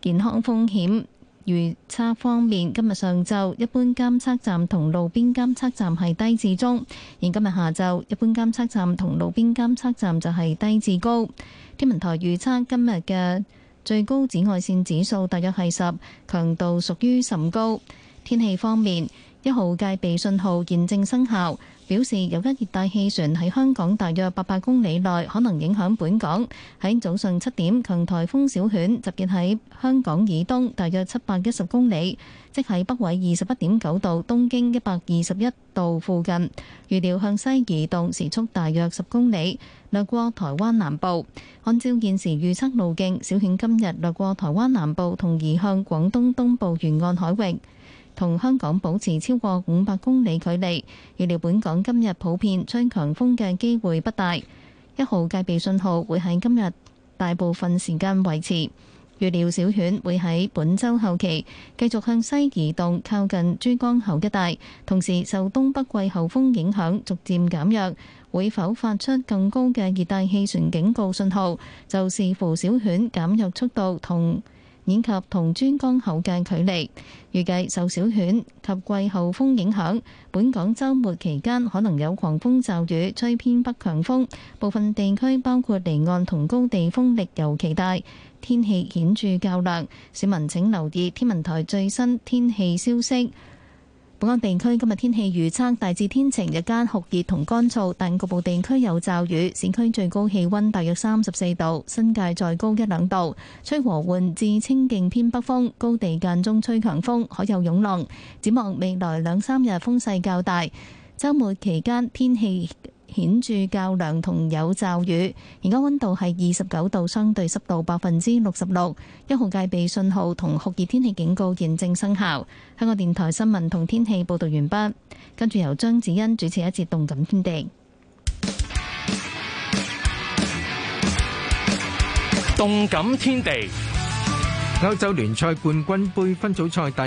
健康風險。預測方面，今日上晝一般監測站同路邊監測站係低至中，而今日下晝一般監測站同路邊監測站就係低至高。天文台預測今日嘅最高紫外線指數大約係十，強度屬於甚高。天氣方面，一號戒備信號現正生效。表示有一熱帶氣旋喺香港大約八百公里內可能影響本港。喺早上七點，強颱風小犬集結喺香港以東大約七百一十公里，即係北緯二十一點九度、東經一百二十一度附近。預料向西移動，時速大約十公里，掠過台灣南部。按照現時預測路徑，小犬今日掠過台灣南部，同移向廣東東部沿岸海域。同香港保持超過五百公里距離，預料本港今日普遍吹強風嘅機會不大。一號戒備信號會喺今日大部分時間維持。預料小犬會喺本週後期繼續向西移動，靠近珠江口一帶，同時受東北季候風影響逐漸減,減弱。會否發出更高嘅熱帶氣旋警告信號，就視乎小犬減弱速度同。以及同珠江口嘅距離，預計受小犬及季候風影響，本港週末期間可能有狂風驟雨，吹偏北強風，部分地區包括離岸同高地風力尤其大，天氣顯著較涼，市民請留意天文台最新天氣消息。本港地區今日天氣預測大致天晴，日間酷熱同乾燥，但局部地區有驟雨。市區最高氣温大約三十四度，新界再高一兩度。吹和緩至清勁偏北風，高地間中吹強風，海有湧浪。展望未來兩三日風勢較大，周末期間天氣。顯著較涼同有驟雨，而家溫度係二十九度，相對濕度百分之六十六，一號戒備信號同酷熱天氣警告現正生效。香港電台新聞同天氣報道完畢，跟住，由張子欣主持一節動感天地。動感天地，歐洲聯賽冠軍杯分組賽第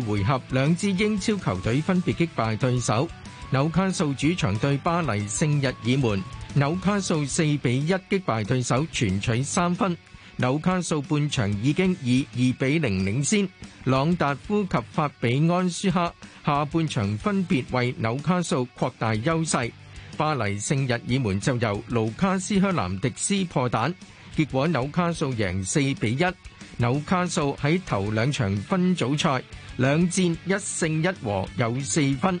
二回合，兩支英超球隊分別擊敗對手。紐卡素主場對巴黎聖日耳門，紐卡素四比一擊敗對手，全取三分。紐卡素半場已經以二比零領先，朗達夫及法比安舒克下，下半場分別為紐卡素擴大優勢。巴黎聖日耳門就由盧卡斯香蘭迪斯破蛋，結果紐卡素贏四比一。紐卡素喺頭兩場分組賽兩戰一勝一和，有四分。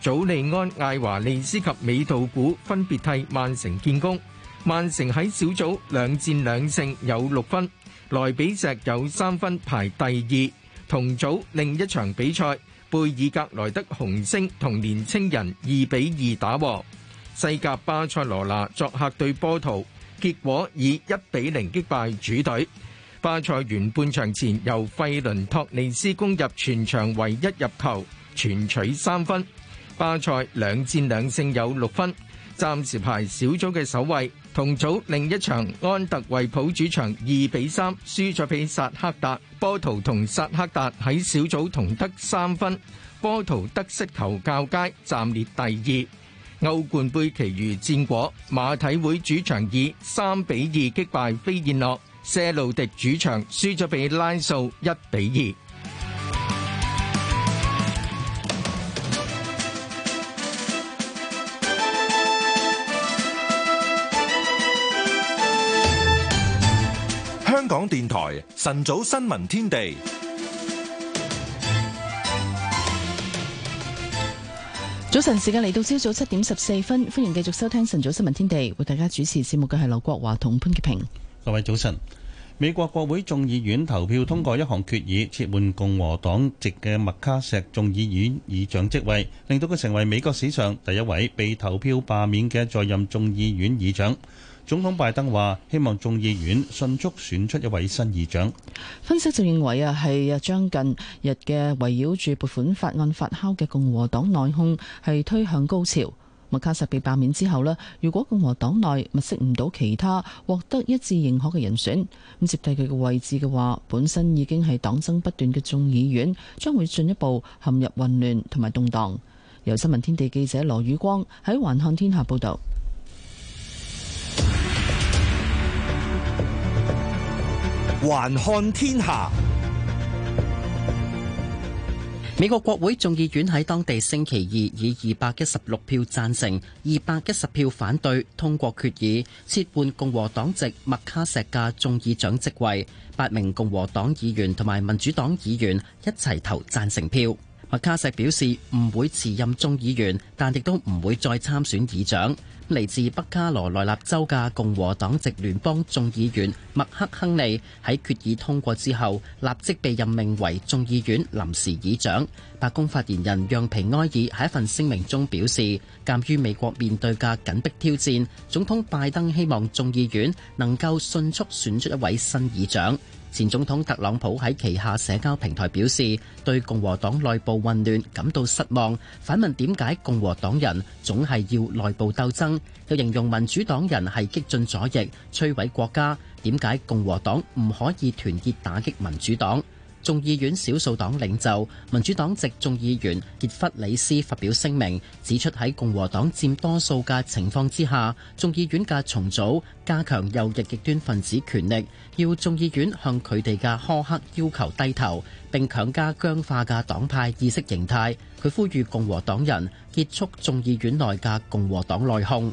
祖利安、艾華利斯及美道古分別替曼城建功。曼城喺小組兩戰兩勝，有六分。萊比錫有三分排第二。同組另一場比賽，貝爾格萊德紅星同年青人二比二打和。西甲巴塞羅那作客對波圖，結果以一比零擊敗主隊。巴塞完半場前由費倫托尼斯攻入全場唯一入球，全取三分。巴塞兩戰兩勝有六分，暫時排小組嘅首位。同組另一場安特衛普主場二比三輸咗俾薩克達，波圖同薩克達喺小組同得三分，波圖得失球較佳，暫列第二。歐冠杯其餘戰果，馬體會主場以三比二擊敗飛燕諾，謝路迪主場輸咗俾拉素一比二。港電台晨早新聞天地，早晨時間嚟到朝早七點十四分，歡迎繼續收聽晨早新聞天地，為大家主持節目嘅係劉國華同潘潔平。各位早晨！美國國會眾議院投票通過一項決議，撤換共和黨籍嘅麥卡錫眾議院議長職位，令到佢成為美國史上第一位被投票罷免嘅在任眾議院議長。總統拜登話：希望眾議院迅速選出一位新議長。分析就認為啊，係啊將近日嘅圍繞住撥款法案發酵嘅共和黨內訌係推向高潮。麥卡錫被罷免之後咧，如果共和黨內物色唔到其他獲得一致認可嘅人選咁接替佢嘅位置嘅話，本身已經係黨爭不斷嘅眾議院將會進一步陷入混亂同埋動盪。由新聞天地記者羅宇光喺環看天下報道。環看天下。美國國會眾議院喺當地星期二，以二百一十六票贊成，二百一十票反對通過決議，撤換共和黨籍麥卡錫嘅眾議長職位。八名共和黨議員同埋民主黨議員一齊投贊成票。麥卡錫表示唔會辭任眾議員，但亦都唔會再參選議長。嚟自北卡羅來納州嘅共和黨籍聯邦眾議員麥克亨利喺決議通過之後，立即被任命為眾議院臨時議長。白宮發言人讓皮埃爾喺一份聲明中表示，鑒於美國面對嘅緊迫挑戰，總統拜登希望眾議院能夠迅速選出一位新議長。前總統特朗普喺旗下社交平台表示，對共和黨內部混亂感到失望，反問點解共和黨人總係要內部鬥爭，又形容民主黨人係激進左翼，摧毀國家，點解共和黨唔可以團結打擊民主黨？眾議院少數黨領袖民主黨籍眾議員傑弗里斯發表聲明，指出喺共和黨佔多數嘅情況之下，眾議院嘅重組加強右翼極端分子權力，要眾議院向佢哋嘅苛刻要求低頭，並強加僵化嘅黨派意識形態。佢呼籲共和黨人結束眾議院內嘅共和黨內訌。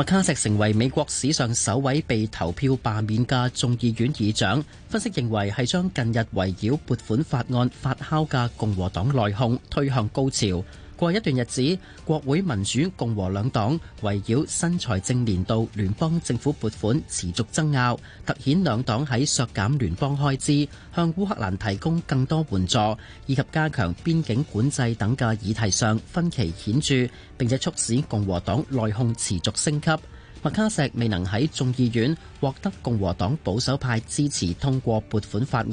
麥卡錫成為美國史上首位被投票罷免嘅眾議院議長，分析認為係將近日圍繞撥款法案發酵嘅共和黨內訌推向高潮。過一段日子，國會民主共和兩黨圍繞新財政年度聯邦政府撥款持續爭拗，突顯兩黨喺削減聯邦開支、向烏克蘭提供更多援助以及加強邊境管制等嘅議題上分歧顯著，並且促使共和黨內控持續升級。麥卡錫未能喺眾議院獲得共和黨保守派支持通過撥款法案，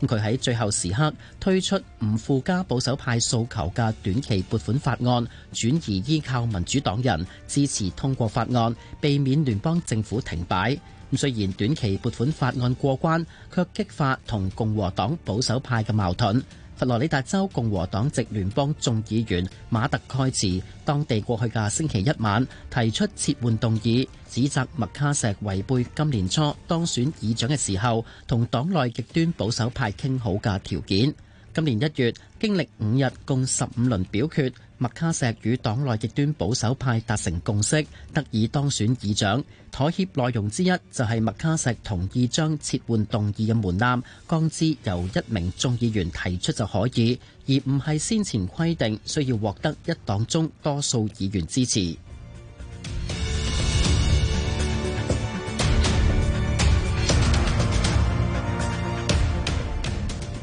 佢喺最後時刻推出唔附加保守派訴求嘅短期撥款法案，轉移依靠民主黨人支持通過法案，避免聯邦政府停擺。咁雖然短期撥款法案過關，卻激發同共和黨保守派嘅矛盾。佛羅里達州共和黨籍聯邦眾議員馬特蓋茨，當地過去嘅星期一晚提出撤換動議，指責麥卡錫違背今年初當選議長嘅時候同黨內極端保守派傾好嘅條件。今年一月，經歷五日共十五輪表決，麥卡錫與黨內極端保守派達成共識，得以當選議長。妥協內容之一就係麥卡錫同意將撤換動議嘅門檻降至由一名眾議員提出就可以，而唔係先前規定需要獲得一黨中多數議員支持。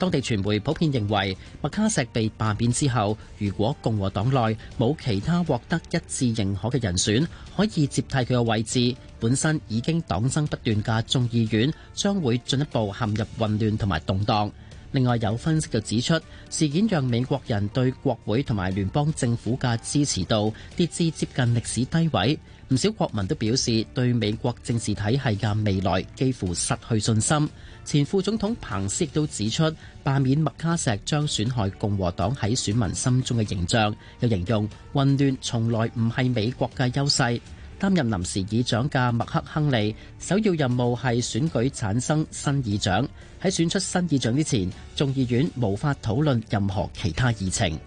當地傳媒普遍認為，麥卡錫被罷免之後，如果共和黨內冇其他獲得一致認可嘅人選可以接替佢嘅位置，本身已經黨爭不斷嘅眾議院將會進一步陷入混亂同埋動盪。另外，有分析就指出，事件讓美國人對國會同埋聯邦政府嘅支持度跌至接近歷史低位，唔少國民都表示對美國政治體系嘅未來幾乎失去信心。前副總統彭斯亦都指出，罷免麥卡錫將損害共和黨喺選民心中嘅形象，又形容混亂從來唔係美國嘅優勢。擔任臨時議長嘅麥克亨利首要任務係選舉產生新議長，喺選出新議長之前，眾議院無法討論任何其他議程。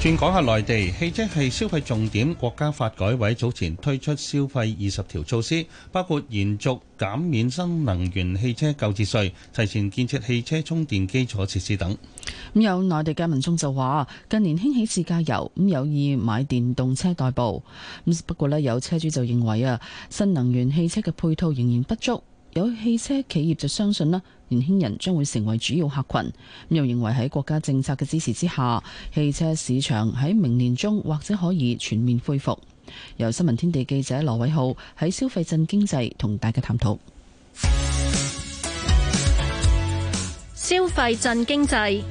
轉講下內地，汽車係消費重點。國家發改委早前推出消費二十條措施，包括延續減免新能源汽車購置稅、提前建設汽車充電基礎設施等。咁、嗯、有內地嘅民眾就話，近年興起自駕遊，咁有意買電動車代步。咁不過咧，有車主就認為啊，新能源汽車嘅配套仍然不足。有汽車企業就相信咧，年輕人將會成為主要客群，又認為喺國家政策嘅支持之下，汽車市場喺明年中或者可以全面恢復。由新聞天地記者羅偉浩喺消費振經濟同大家探討消費振經濟。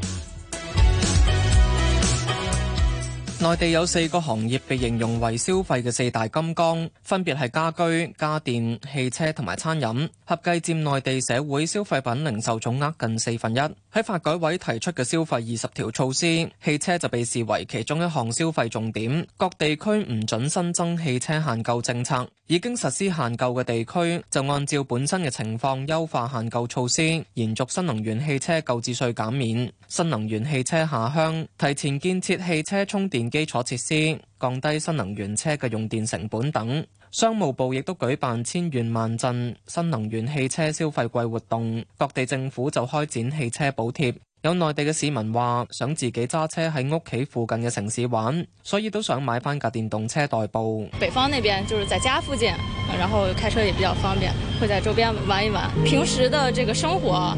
內地有四個行業被形容為消費嘅四大金剛，分別係家居、家電、汽車同埋餐飲，合計佔內地社會消費品零售總額近四分一。喺發改委提出嘅消費二十條措施，汽車就被視為其中一項消費重點。各地區唔准新增汽車限購政策，已經實施限購嘅地區就按照本身嘅情況優化限購措施，延續新能源汽車購置稅減免、新能源汽車下鄉、提前建設汽車充電基礎設施降低新能源車嘅用電成本等，商務部亦都舉辦千縣萬鎮新能源汽車消費季活動，各地政府就開展汽車補貼。有內地嘅市民話，想自己揸車喺屋企附近嘅城市玩，所以都想買翻架電動車代步。北方那邊就是在家附近，然後開車也比較方便，會在周邊玩一玩，平時的這個生活。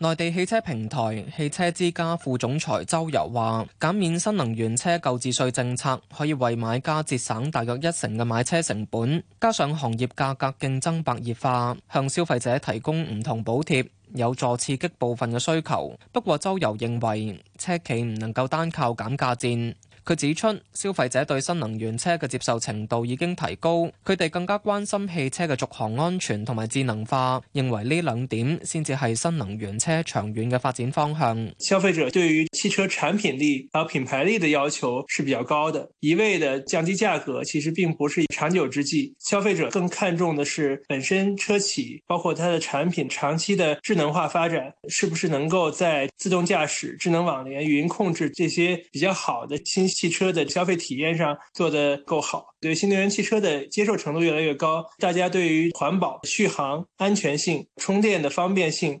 內地汽車平台汽車之家副總裁周游話，減免新能源車購置稅政策可以為買家節省大約一成嘅買車成本，加上行業價格競爭白熱化，向消費者提供唔同補貼，有助刺激部分嘅需求。不過，周游認為，車企唔能夠單靠減價戰。佢指出，消費者對新能源車嘅接受程度已經提高，佢哋更加關心汽車嘅續航安全同埋智能化，認為呢兩點先至係新能源車長遠嘅發展方向。消費者對於汽車產品力和品牌力的要求是比較高嘅，一味的降低價格其實並不是長久之計。消費者更看重的是本身車企包括它的產品長期的智能化發展，是不是能夠在自動駕駛、智能網聯、雲控制這些比較好的新。汽車的消費體驗上做得夠好，對新能源汽車的接受程度越來越高，大家對於環保、續航、安全性、充電的方便性，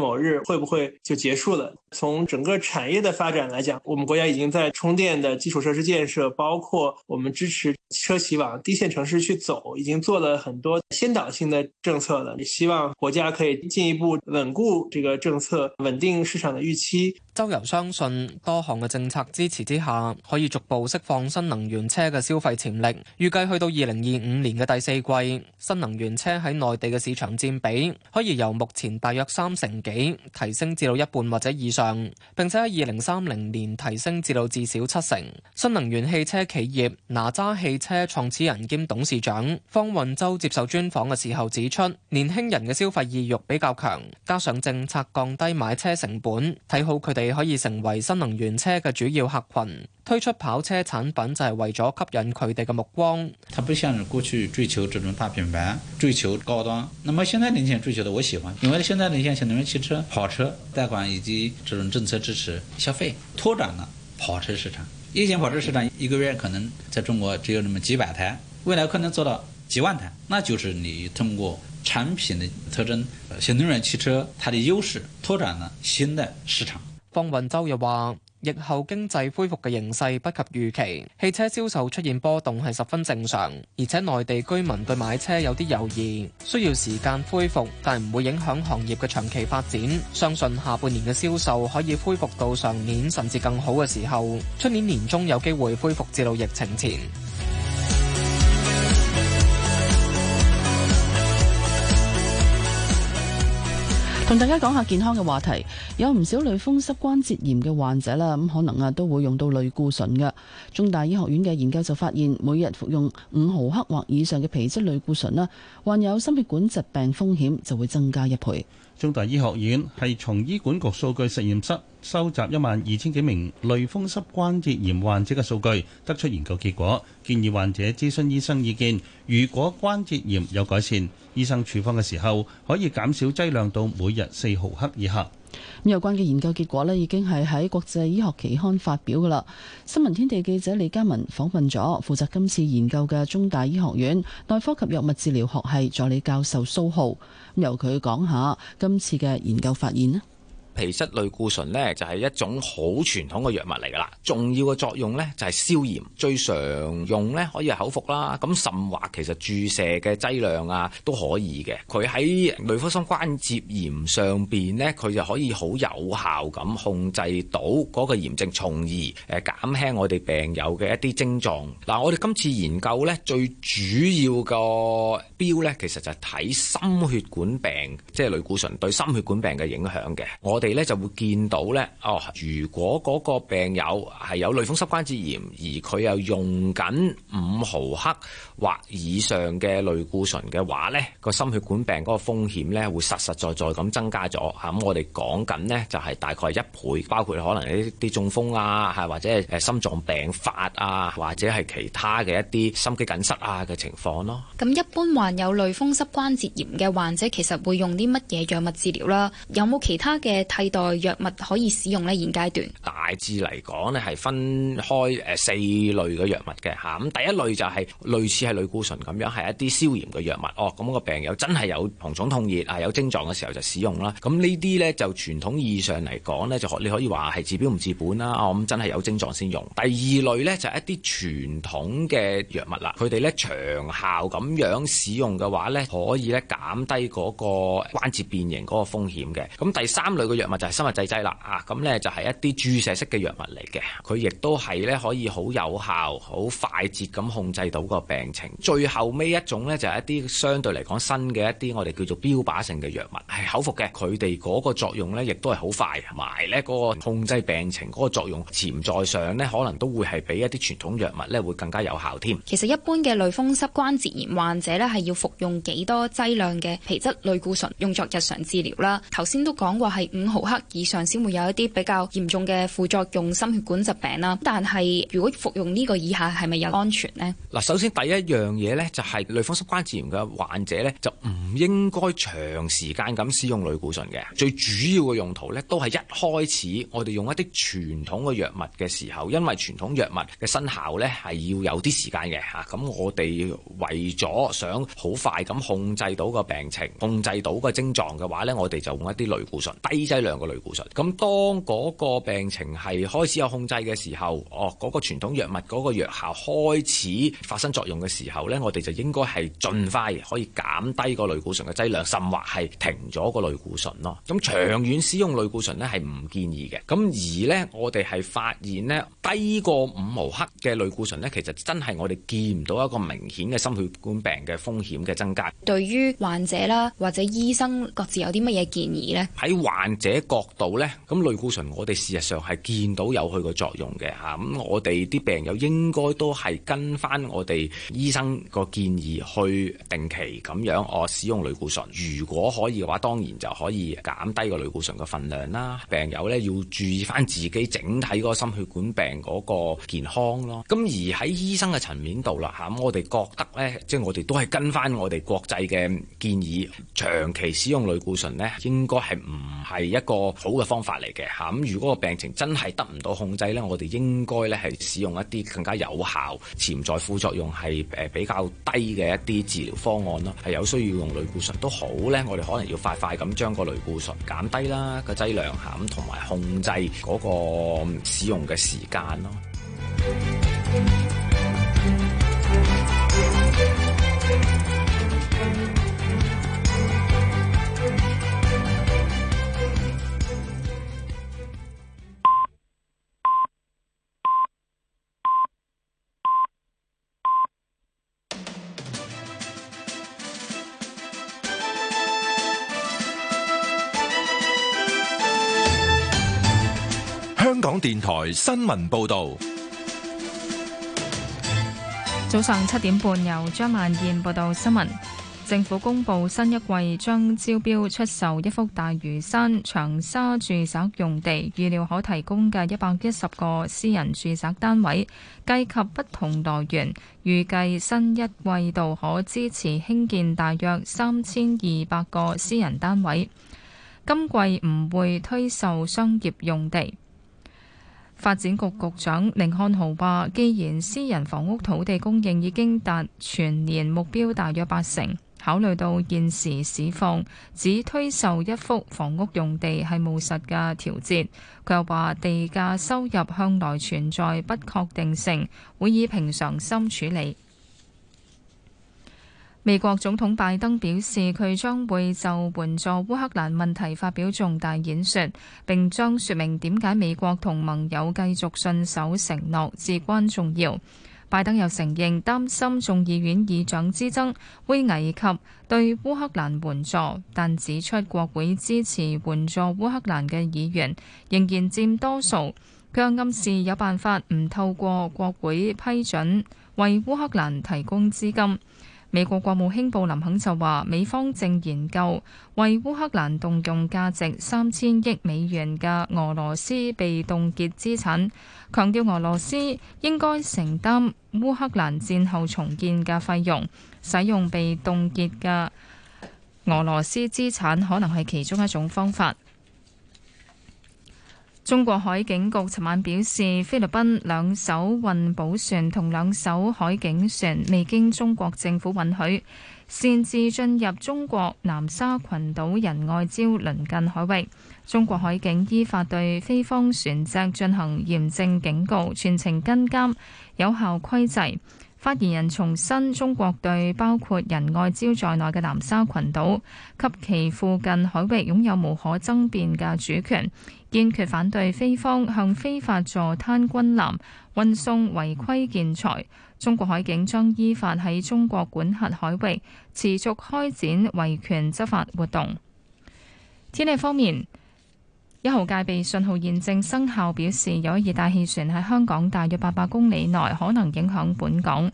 某日會不會就結束了？從整個產業的發展來講，我們國家已經在充電的基礎設施建設，包括我們支持車企往低線城市去走，已經做了很多先導性的政策了。希望國家可以進一步穩固這個政策，穩定市場的預期。周游相信多項嘅政策支持之下，可以逐步釋放新能源車嘅消費潛力。預計去到二零二五年嘅第四季，新能源車喺內地嘅市場佔比可以由目前大約三成幾提升至到一半或者以上。並且喺二零三零年提升至到至至少七成。新能源汽車企業哪吒汽車創始人兼董事長方運舟接受專訪嘅時候指出，年輕人嘅消費意欲比較強，加上政策降低買車成本，睇好佢哋可以成為新能源車嘅主要客群。推出跑車產品就係為咗吸引佢哋嘅目光。它不像是過去追求這種大品牌、追求高端，那麼現在年輕人追求的，我喜歡。因為現在你像新能源汽車跑車貸款以及這種政策支持消費，拓展了跑車市場。以前跑車市場一個月可能在中國只有那麼幾百台，未來可能做到幾萬台，那就是你通過產品的特徵，新能源汽車它的優勢拓展了新的市場。方文洲又話。疫後經濟恢復嘅形勢不及預期，汽車銷售出現波動係十分正常，而且內地居民對買車有啲猶豫，需要時間恢復，但唔會影響行業嘅長期發展。相信下半年嘅銷售可以恢復到上年甚至更好嘅時候，出年年中有機會恢復至到疫情前。同大家講下健康嘅話題，有唔少類風濕關節炎嘅患者啦，咁可能啊都會用到類固醇嘅。中大醫學院嘅研究就發現，每日服用五毫克或以上嘅皮質類固醇啦，患有心血管疾病風險就會增加一倍。中大醫學院係從醫管局數據實驗室收集一萬二千幾名類風濕關節炎患者嘅數據，得出研究結果，建議患者諮詢醫生意見。如果關節炎有改善，醫生處方嘅時候可以減少劑量到每日四毫克以下。咁有關嘅研究結果呢，已經係喺國際醫學期刊發表噶啦新聞天地記者李家文訪問咗負責今次研究嘅中大醫學院內科及藥物治療學系助理教授蘇浩，由佢講下今次嘅研究發現呢。其實類固醇咧就係一種好傳統嘅藥物嚟噶啦，重要嘅作用咧就係消炎，最常用咧可以係口服啦，咁甚或其實注射嘅劑量啊都可以嘅。佢喺類風濕關節炎上邊咧，佢就可以好有效咁控制到嗰個炎症，從而誒減輕我哋病友嘅一啲症狀。嗱，我哋今次研究咧最主要個標咧，其實就係睇心血管病，即係類固醇對心血管病嘅影響嘅。我哋。你咧就會見到咧哦，如果嗰個病友係有類風濕關節炎，而佢又用緊五毫克或以上嘅類固醇嘅話咧，個心血管病嗰個風險咧會實實在在咁增加咗嚇。咁、嗯、我哋講緊呢，就係大概一倍，包括可能一啲中風啊，係或者係誒心臟病發啊，或者係其他嘅一啲心肌梗塞啊嘅情況咯。咁一般患有類風濕關節炎嘅患者，其實會用啲乜嘢藥物治療啦？有冇其他嘅？替代藥物可以使用呢，現階段大致嚟講呢係分開誒四類嘅藥物嘅嚇，咁、啊、第一類就係、是、類似係類固醇咁樣，係一啲消炎嘅藥物，哦咁、嗯那個病友真係有紅腫痛熱啊有症狀嘅時候就使用啦，咁呢啲呢，就傳統意義上嚟講呢就你可以話係治標唔治本啦，哦、啊、咁、啊嗯、真係有症狀先用。第二類呢，就係、是、一啲傳統嘅藥物啦，佢、啊、哋呢，長效咁樣使用嘅話呢，可以呢減低嗰個關節變形嗰個風險嘅。咁、啊嗯、第三類嘅。藥物就係生物製劑啦，啊，咁咧就係一啲注射式嘅藥物嚟嘅，佢亦都係咧可以好有效、好快捷咁控制到個病情。最後尾一種咧就係一啲相對嚟講新嘅一啲我哋叫做標靶性嘅藥物，係口服嘅，佢哋嗰個作用咧亦都係好快，同埋咧嗰個控制病情嗰個作用潛在上咧可能都會係比一啲傳統藥物咧會更加有效添。其實一般嘅類風濕關節炎患者咧係要服用幾多劑量嘅皮質類固醇用作日常治療啦。頭先都講過係五。毫克以上先會有一啲比較嚴重嘅副作用，心血管疾病啦。但係如果服用呢個以下，係咪有安全咧？嗱，首先第一樣嘢咧，就係，就係類風濕關節炎嘅患者咧，就唔應該長時間咁使用類固醇嘅。最主要嘅用途咧，都係一開始我哋用一啲傳統嘅藥物嘅時候，因為傳統藥物嘅生效咧係要有啲時間嘅吓。咁我哋為咗想好快咁控制到個病情，控制到個症狀嘅話咧，我哋就用一啲類固醇。第二，就係兩個類固醇，咁當嗰個病情係開始有控制嘅時候，哦，嗰個傳統藥物嗰個藥效開始發生作用嘅時候呢，我哋就應該係盡快可以減低個類固醇嘅劑量，甚或係停咗個類固醇咯。咁長遠使用類固醇呢係唔建議嘅。咁而呢，我哋係發現呢，低過五毫克嘅類固醇呢，其實真係我哋見唔到一個明顯嘅心血管病嘅風險嘅增加。對於患者啦，或者醫生各自有啲乜嘢建議呢？喺患者嘅角度咧，咁類固醇我哋事實上係見到有佢個作用嘅吓，咁、嗯、我哋啲病友應該都係跟翻我哋醫生個建議去定期咁樣哦使用類固醇。如果可以嘅話，當然就可以減低個類固醇嘅分量啦。病友咧，要注意翻自己整體嗰個心血管病嗰個健康咯。咁、嗯、而喺醫生嘅層面度啦吓，咁、嗯、我哋覺得咧，即係我哋都係跟翻我哋國際嘅建議，長期使用類固醇咧，應該係唔係一一個好嘅方法嚟嘅嚇，咁如果個病情真係得唔到控制呢，我哋應該呢係使用一啲更加有效、潛在副作用係誒比較低嘅一啲治療方案咯，係有需要用類固醇都好呢，我哋可能要快快咁將個類固醇減低啦個劑量嚇，同埋控制嗰個使用嘅時間咯。台新聞報導，早上七點半由張萬燕報道新聞。政府公布新一季將招標出售一幅大嶼山長沙住宅用地，預料可提供嘅一百一十個私人住宅單位，計及不同來源，預計新一季度可支持興建大約三千二百個私人單位。今季唔會推售商業用地。發展局局長寧漢豪話，既然私人房屋土地供應已經達全年目標大約八成，考慮到現時市況，只推售一幅房屋用地係務實嘅調節。佢又話，地價收入向來存在不確定性，會以平常心處理。美國總統拜登表示，佢將會就援助烏克蘭問題發表重大演說，並將説明點解美國同盟友繼續信守承諾至關重要。拜登又承認擔心眾議院議長之爭會危及對烏克蘭援助，但指出國會支持援助烏克蘭嘅議員仍然佔多數。佢暗示有辦法唔透過國會批准為烏克蘭提供資金。美國國務卿布林肯就話，美方正研究為烏克蘭動用價值三千億美元嘅俄羅斯被凍結資產，強調俄羅斯應該承擔烏克蘭戰後重建嘅費用。使用被凍結嘅俄羅斯資產可能係其中一種方法。中國海警局尋晚表示，菲律賓兩艘運保船同兩艘海警船未經中國政府允許，擅自進入中國南沙群島仁愛礁鄰近海域。中國海警依法對菲方船隻進行嚴正警告，全程跟監，有效規制。發言人重申，中國對包括仁愛礁在內嘅南沙群島及其附近海域擁有無可爭辯嘅主權，堅決反對菲方向非法坐灘軍艦運送違規建材。中國海警將依法喺中國管轄海域持續開展維權執法活動。天氣方面。一號戒備信號現正生效，表示有熱帶氣旋喺香港大約八百公里內可能影響本港。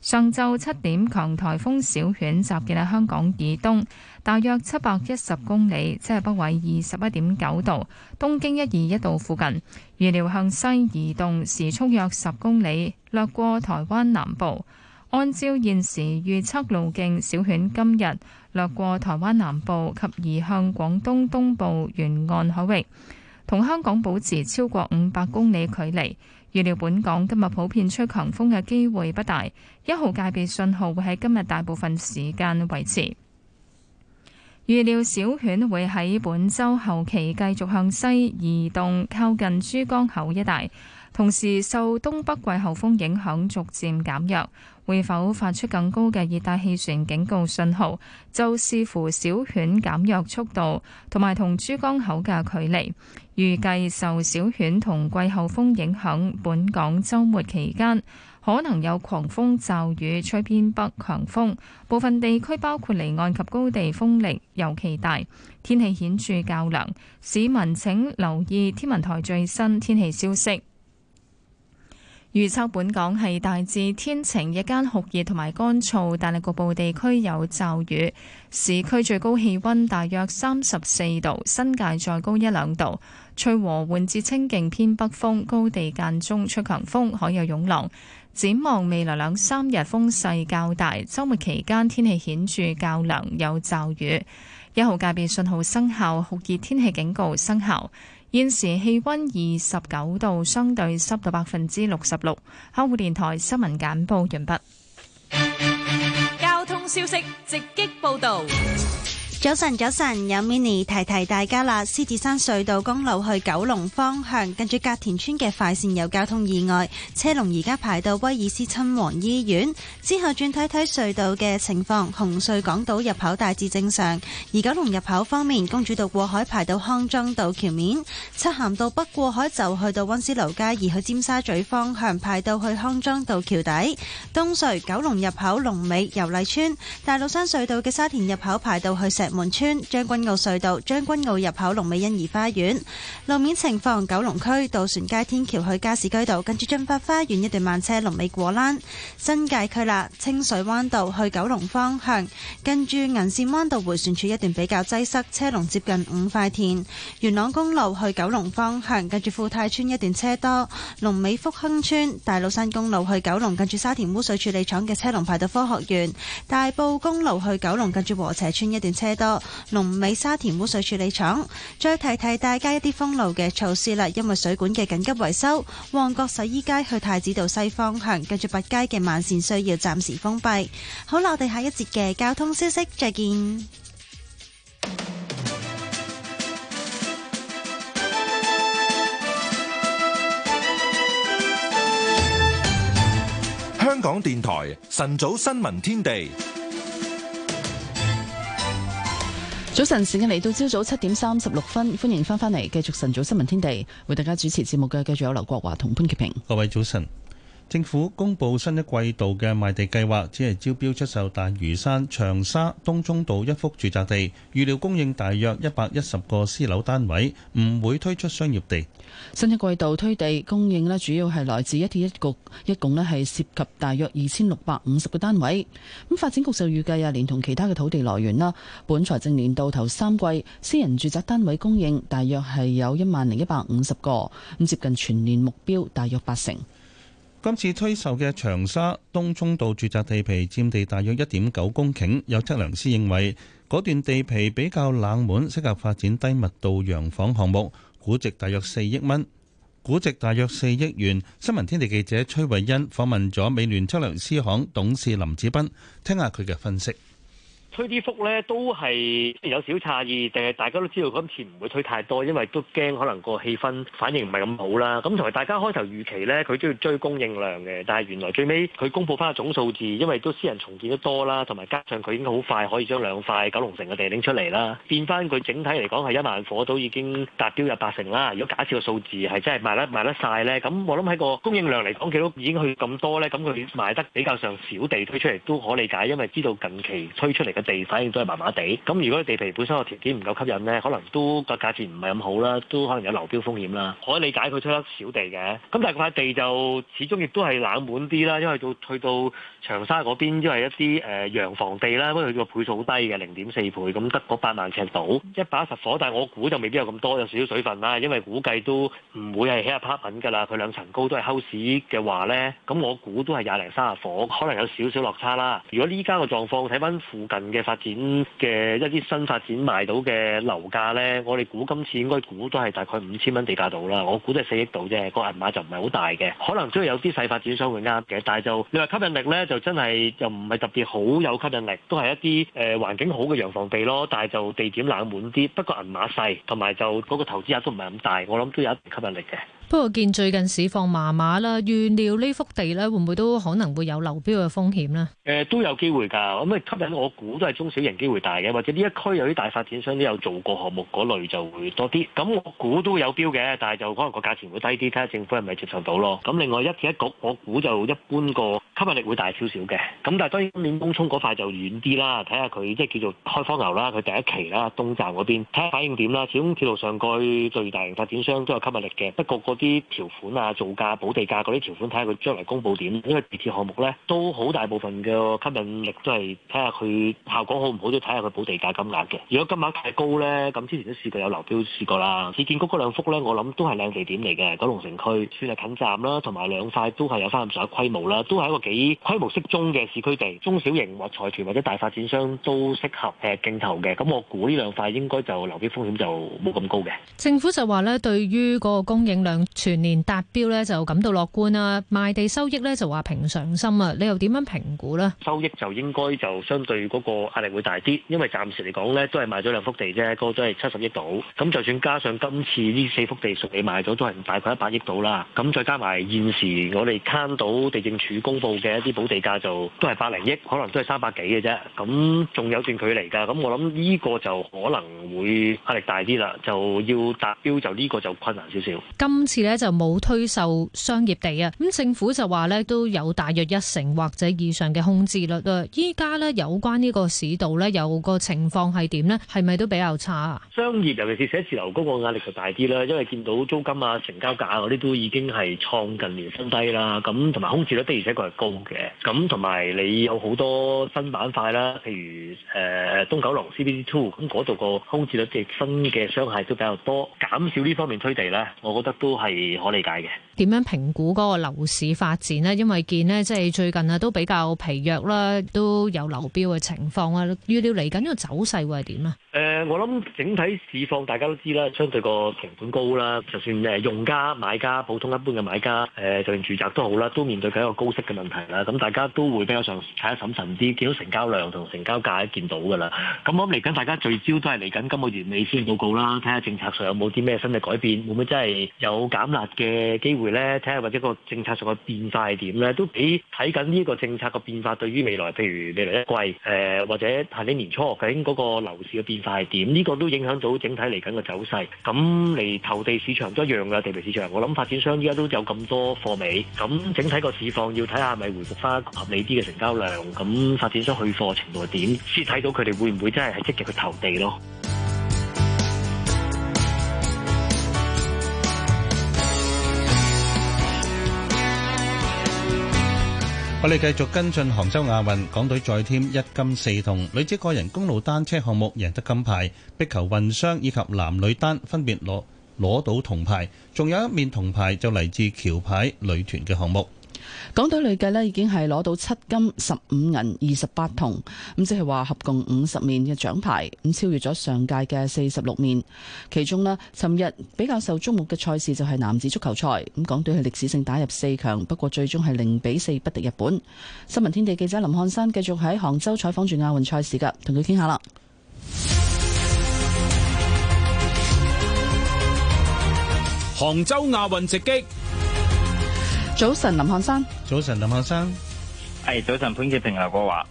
上晝七點，強颱風小犬集結喺香港以東，大約七百一十公里，即係北緯二十一點九度，東經一二一度附近，預料向西移動，時速約十公里，掠過台灣南部。按照現時預測路徑，小犬今日掠過台灣南部及移向廣東東部沿岸海域，同香港保持超過五百公里距離，預料本港今日普遍吹強風嘅機會不大，一號戒備信號會喺今日大部分時間維持。預料小犬會喺本週後期繼續向西移動，靠近珠江口一帶，同時受東北季候風影響逐漸減弱。會否發出更高嘅熱帶氣旋警告信號，就視乎小犬減弱速度同埋同珠江口嘅距離。預計受小犬同季候風影響，本港周末期間可能有狂風驟雨、吹偏北強風，部分地區包括離岸及高地風力尤其大，天氣顯著較涼。市民請留意天文台最新天氣消息。預測本港係大致天晴，日間酷熱同埋乾燥，但係局部地區有驟雨。市區最高氣溫大約三十四度，新界再高一兩度。吹和緩至清勁偏北風，高地間中吹強風，海有湧浪。展望未來兩三日風勢較大，周末期間天氣顯著較涼，有驟雨。一號戒備信號生效，酷熱天氣警告生效。現時氣溫二十九度，相對濕度百分之六十六。香港電台新聞簡報完畢。交通消息直擊報道。早晨，早晨，有 mini 提提大家啦。獅子山隧道公路去九龍方向，近住隔田村嘅快綫有交通意外，車龍而家排到威爾斯親王醫院。之後轉睇睇隧道嘅情況，紅隧港島入口大致正常，而九龍入口方面，公主道過海排到康莊道橋面，漆咸道北過海就去到溫思勞街，而去尖沙咀方向排到去康莊道橋底。東隧九龍入口龍尾由麗村，大老山隧道嘅沙田入口排到去石。石門村將軍澳隧道將軍澳入口龍尾欣怡花園路面情況，九龍區渡船街天橋去加士居道，跟住駿發花園一段慢車龍尾果欄；新界區啦，清水灣道去九龍方向，跟住銀線灣道回旋處一段比較擠塞，車龍接近五塊田；元朗公路去九龍方向，跟住富泰村一段車多；龍尾福亨村大老山公路去九龍，近住沙田污水處理廠嘅車龍排到科學園；大埔公路去九龍，近住禾輋邨一段車。多龍尾沙田污水處理廠，再提提大家一啲封路嘅措施啦。因為水管嘅緊急維修，旺角洗衣街去太子道西方向，跟住弼街嘅慢線需要暫時封閉。好啦，我哋下一節嘅交通消息再見。香港電台晨早新聞天地。早晨，時間嚟到朝早七點三十六分，歡迎翻返嚟，繼續晨早新聞天地，為大家主持節目嘅繼續有劉國華同潘潔平。各位早晨，政府公布新一季度嘅賣地計劃，只係招標出售大嶼山長沙東涌道一幅住宅地，預料供應大約一百一十個私樓單位，唔會推出商業地。新一季度推地供應咧，主要係來自一鐵一局，一共咧係涉及大約二千六百五十個單位。咁發展局就預計啊，連同其他嘅土地來源啦，本財政年度頭三季私人住宅單位供應大約係有一萬零一百五十個，咁接近全年目標大約八成。今次推售嘅長沙東涌道住宅地皮佔地大約一點九公頃，有測量師認為嗰段地皮比較冷門，適合發展低密度洋房項目。估值大約四億蚊，估值大約四億元。新聞天地記者崔慧欣訪問咗美聯測量師行董事林子斌，聽下佢嘅分析。推啲幅咧都係有少差異，定係大家都知道今次唔會推太多，因為都驚可能個氣氛反應唔係咁好啦。咁同埋大家開頭預期咧，佢都要追供應量嘅，但係原來最尾佢公布翻個總數字，因為都私人重建得多啦，同埋加上佢已經好快可以將兩塊九龍城嘅地拎出嚟啦，變翻佢整體嚟講係一萬火島已經達標入八成啦。如果假設個數字係真係賣得賣得晒咧，咁我諗喺個供應量嚟講，佢都已經去咁多咧，咁佢賣得比較上少地推出嚟都可理解，因為知道近期推出嚟嘅。地反應都係麻麻地，咁如果地皮本身個條件唔夠吸引呢，可能都個價錢唔係咁好啦，都可能有流標風險啦。可以理解佢出得少地嘅，咁但係塊地就始終亦都係冷門啲啦。因為到去到長沙嗰邊，都係一啲誒洋房地啦，不過佢個倍數好低嘅，零點四倍，咁得嗰八萬尺到，一百一十火，但係我估就未必有咁多，有少少水分啦。因為估計都唔會係起日拍品㗎啦，佢兩層高都係睺市嘅話呢，咁我估都係廿零三十火，可能有少少落差啦。如果呢家個狀況睇翻附近嘅發展嘅一啲新發展賣到嘅樓價呢，我哋估今次應該估都係大概五千蚊地價度啦。我估都係四億度啫，個銀碼就唔係好大嘅。可能雖然有啲細發展商會呃嘅，但係就你話吸引力呢，就真係又唔係特別好有吸引力，都係一啲誒環境好嘅洋房地咯。但係就地點冷門啲，不過銀碼細，同埋就嗰個投資額都唔係咁大，我諗都有一定吸引力嘅。不過見最近市況麻麻啦，預料呢幅地咧會唔會都可能會有流標嘅風險咧？誒，都有機會㗎。咁誒吸引我估都係中小型機會大嘅，或者呢一區有啲大發展商都有做過項目嗰類就會多啲。咁我估都有標嘅，但係就可能個價錢會低啲，睇下政府係咪接受到咯。咁另外一鐵一局，我估就一般個吸引力會大少少嘅。咁但係當然今年東湧嗰塊就遠啲啦，睇下佢即係叫做開荒牛啦，佢第一期啦，東站嗰邊睇下反應點啦。始終鐵路上蓋最大型發展商都有吸引力嘅，不過個,個啲條款啊、造價補地價嗰啲條款，睇下佢將來公布點，因為地鐵項目咧，都好大部分嘅吸引力都係睇下佢效果好唔好，都睇下佢補地價金額嘅。如果金額太高咧，咁之前都試過有流標試過啦。市建局嗰兩幅咧，我諗都係靚地點嚟嘅，九龍城區，算係近站啦，同埋兩塊都係有三十五嘅規模啦，都係一個幾規模適中嘅市區地，中小型或財團或者大發展商都適合誒競投嘅。咁我估呢兩塊應該就流標風險就冇咁高嘅。政府就話咧，對於嗰個供應量。全年達標咧就感到樂觀啊，賣地收益咧就話平常心啊，你又點樣評估呢？收益就應該就相對嗰個壓力會大啲，因為暫時嚟講咧都係賣咗兩幅地啫，嗰個都係七十億到，咁就算加上今次呢四幅地順利賣咗都係大概一百億到啦，咁再加埋現時我哋攤到地政署公佈嘅一啲補地價就都係百零億，可能都係三百幾嘅啫，咁仲有段距離㗎，咁我諗呢個就可能會壓力大啲啦，就要達標就呢個就困難少少。今次咧就冇推售商業地啊，咁政府就話咧都有大約一成或者以上嘅空置率啊。依家咧有關呢個市道咧有個情況係點咧？係咪都比較差啊？商業尤其是寫字樓嗰個壓力就大啲啦，因為見到租金啊、成交價嗰啲都已經係創近年新低啦。咁同埋空置率的而且確係高嘅。咁同埋你有好多新板塊啦，譬如誒東九龍 CBD Two，咁嗰度個空置率即係新嘅商廈都比較多，減少呢方面推地咧，我覺得都係。係可理解嘅。點樣評估嗰個樓市發展呢？因為見呢，即係最近啊，都比較疲弱啦，都有流標嘅情況啦。預料嚟緊個走勢會係點啊？我諗整體市況大家都知啦，相對個成本高啦，就算誒用家買家、普通一般嘅買家，誒、呃，就算住宅都好啦，都面對緊一個高息嘅問題啦。咁大家都會比較上睇下審慎啲，見到成交量同成交價都見到噶啦。咁我諗嚟緊大家聚焦都係嚟緊今個月尾先報告啦，睇下政策上有冇啲咩新嘅改變，會唔會真係有減辣嘅機會咧？睇下或者個政策上嘅變化係點咧？都比睇緊呢個政策個變化，對於未來譬如未來一季，誒、呃，或者係呢年初究竟嗰個樓市嘅變化。點呢個都影響到整體嚟緊嘅走勢，咁嚟投地市場都一樣㗎，地皮市場。我諗發展商依家都有咁多貨尾，咁整體個市況要睇下係咪回復返合理啲嘅成交量，咁發展商去貨程度係點先睇到佢哋會唔會真係係積極去投地咯。我哋繼續跟進杭州亞運，港隊再添一金四銅，女子個人公路單車項目贏得金牌，壁球混雙以及男女單分別攞攞到銅牌，仲有一面銅牌就嚟自橋牌女團嘅項目。港隊累計呢已經係攞到七金、十五銀、二十八銅，咁即係話合共五十面嘅獎牌，咁超越咗上屆嘅四十六面。其中呢，尋日比較受矚目嘅賽事就係男子足球賽，咁港隊係歷史性打入四強，不過最終係零比四不敵日本。新聞天地記者林漢山繼續喺杭州採訪住亞運賽事㗎，同佢傾下啦。杭州亞運直擊。早晨，林漢山。早晨，林漢山。係，早晨潘潔平，劉國華。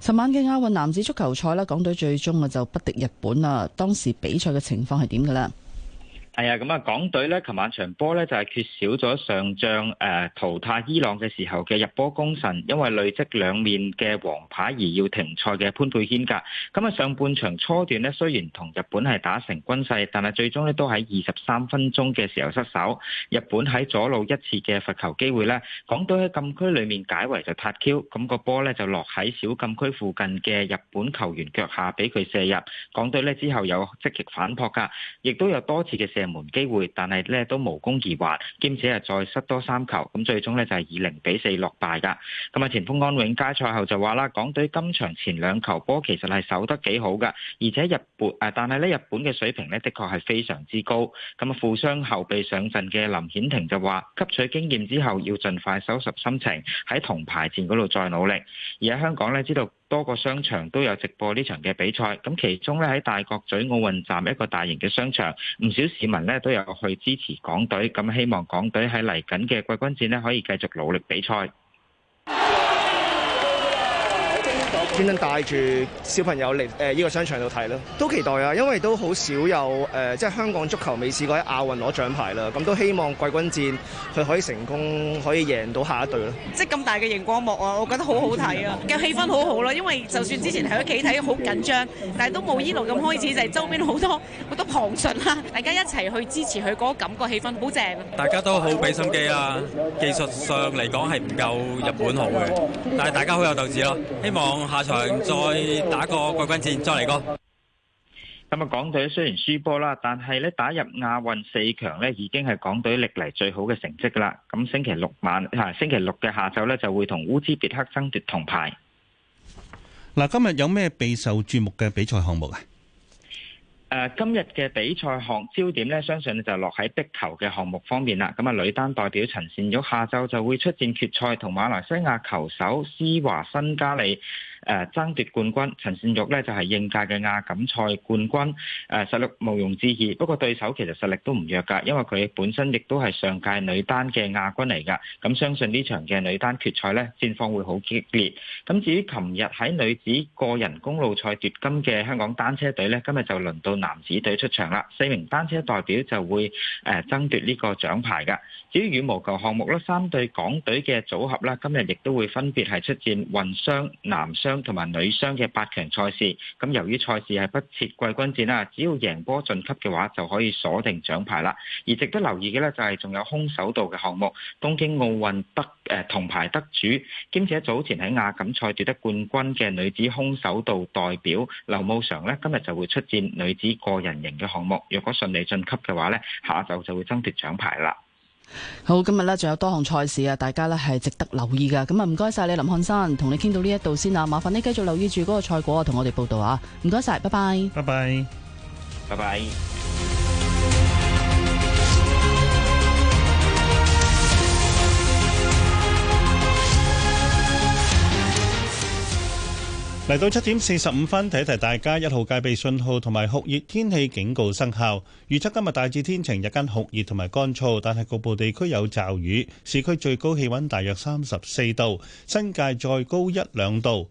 尋 (music) 晚嘅亞運男子足球賽啦，港隊最終啊就不敵日本啦。當時比賽嘅情況係點噶啦？係啊，咁啊、哎，港隊咧，琴晚場波咧就係、是、缺少咗上仗誒淘汰伊朗嘅時候嘅入波功臣，因為累積兩面嘅黃牌而要停賽嘅潘佩軒噶。咁、嗯、啊，上半場初段呢，雖然同日本係打成均勢，但係最終呢，都喺二十三分鐘嘅時候失守。日本喺左路一次嘅罰球機會呢，港隊喺禁區裏面解圍就撻 Q，咁個波呢，就落喺小禁區附近嘅日本球員腳下，俾佢射入。港隊呢，之後有積極反撲噶，亦都有多次嘅射。門機會，但係咧都無功而還，兼且係再失多三球，咁最終呢就係以零比四落敗噶。咁啊，前鋒安永佳賽後就話啦，港隊今場前兩球波其實係守得幾好噶，而且日本誒，但係呢日本嘅水平呢，的確係非常之高。咁啊，負傷後備上陣嘅林顯庭就話，吸取經驗之後要盡快收拾心情，喺銅牌戰嗰度再努力。而喺香港呢，知道。多個商場都有直播呢場嘅比賽，咁其中咧喺大角咀奧運站一個大型嘅商場，唔少市民咧都有去支持港隊，咁希望港隊喺嚟緊嘅季軍戰呢，可以繼續努力比賽。專登帶住小朋友嚟誒呢個商場度睇咯，都期待啊，因為都好少有誒、呃、即係香港足球未試過喺亞運攞獎牌啦。咁、嗯、都希望季軍戰佢可以成功，可以贏到下一隊咯。即係咁大嘅熒光幕啊，我覺得好好睇啊，嘅、啊、氣氛好好、啊、咯。因為就算之前喺屋企睇好緊張，但係都冇依路咁開始，就係、是、周邊好多好多旁瞬啦、啊，大家一齊去支持佢、嗰個感覺氣氛好正。大家都好俾心機啊，技術上嚟講係唔夠日本好嘅，但係大家好有鬥志咯，希望場再打個季軍戰，再嚟個咁啊，港隊雖然輸波啦，但係呢打入亞運四強呢，已經係港隊歷嚟最好嘅成績㗎啦。咁星期六晚吓，星期六嘅下晝呢，就會同烏茲別克爭奪銅牌。嗱，今日有咩備受注目嘅比賽項目啊？誒，今日嘅比賽項焦點呢，相信就落喺壁球嘅項目方面啦。咁啊，女單代表陳善玉下晝就會出戰決賽，同馬來西亞球手施華新加里。誒爭奪冠軍，陳善玉咧就係應屆嘅亞錦賽冠軍，誒實力毋庸置疑。不過對手其實實力都唔弱㗎，因為佢本身亦都係上屆女單嘅亞軍嚟㗎。咁相信呢場嘅女單決賽呢，戰況會好激烈。咁至於琴日喺女子個人公路賽奪金嘅香港單車隊呢，今日就輪到男子隊出場啦。四名單車代表就會誒爭奪呢個獎牌㗎。至於羽毛球項目咧，三隊港隊嘅組合啦，今日亦都會分別係出戰混雙、男雙。同埋女雙嘅八強賽事，咁由於賽事係不設季軍戰啦，只要贏波晉級嘅話，就可以鎖定獎牌啦。而值得留意嘅呢，就係仲有空手道嘅項目，東京奧運得誒、呃、銅牌得主，兼且早前喺亞錦賽奪得冠軍嘅女子空手道代表劉慕裳呢，今日就會出戰女子個人型嘅項目，若果順利晉級嘅話呢，下晝就會爭奪獎牌啦。好，今日呢，仲有多項賽事啊，大家呢係值得留意噶。咁啊，唔該晒你，林漢生，同你傾到呢一度先啊。麻煩你繼續留意住嗰個賽果啊，同我哋報道啊。唔該晒，拜拜，拜拜，拜拜。嚟到七點四十五分，提一提大家，一號戒備信號同埋酷熱天氣警告生效。預測今日大致天晴，日間酷熱同埋乾燥，但係局部地區有驟雨。市區最高氣温大約三十四度，新界再高一兩度。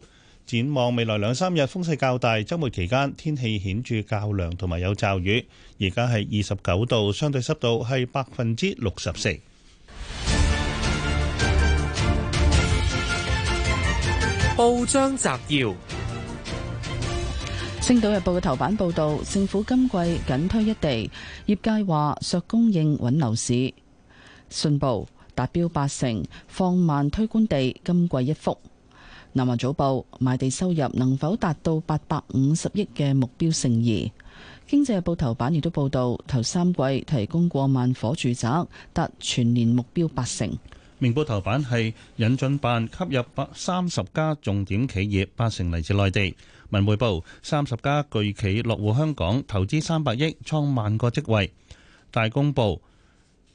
展望未來兩三日風勢較大，周末期間天氣顯著較涼同埋有驟雨。而家係二十九度，相對濕度係百分之六十四。報章摘要：《星島日報》嘅頭版報道，政府今季僅推一地，業界話削供應穩樓市。信報達標八成，放慢推官地，今季一幅。南華早報賣地收入能否達到八百五十億嘅目標？成疑。《經濟日報》頭版亦都報道，頭三季提供過萬伙住宅達全年目標八成。明報頭版係引進辦吸入百三十家重點企業，八成嚟自內地。文匯報三十家巨企落戶香港，投資三百億，創萬個職位。大公報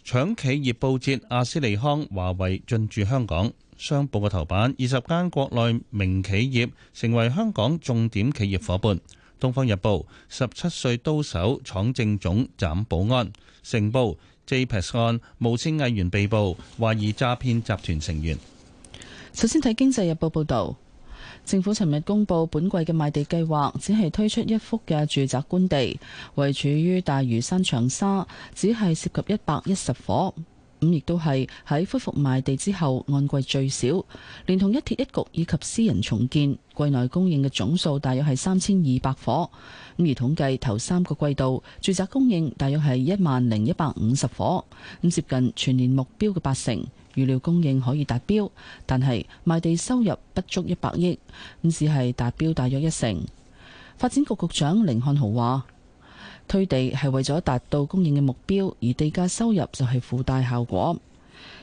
搶企業報捷，阿斯利康、華為進駐香港。商報嘅頭版二十間國內名企業成為香港重點企業伙伴。東方日報十七歲刀手闖政總，斬保安。成報 JPEX 案無線藝員被捕，懷疑詐騙集團成員。首先睇經濟日報報導，政府尋日公布本季嘅賣地計劃，只係推出一幅嘅住宅官地，位處於大嶼山長沙，只係涉及一百一十伙。咁亦都係喺恢復賣地之後按季最少，連同一鐵一局以及私人重建，季內供應嘅總數大約係三千二百伙，咁而統計頭三個季度，住宅供應大約係一萬零一百五十伙，咁接近全年目標嘅八成，預料供應可以達標，但係賣地收入不足一百億，咁只係達標大約一成。發展局局長甯漢豪話。推地係為咗達到供應嘅目標，而地價收入就係附帶效果。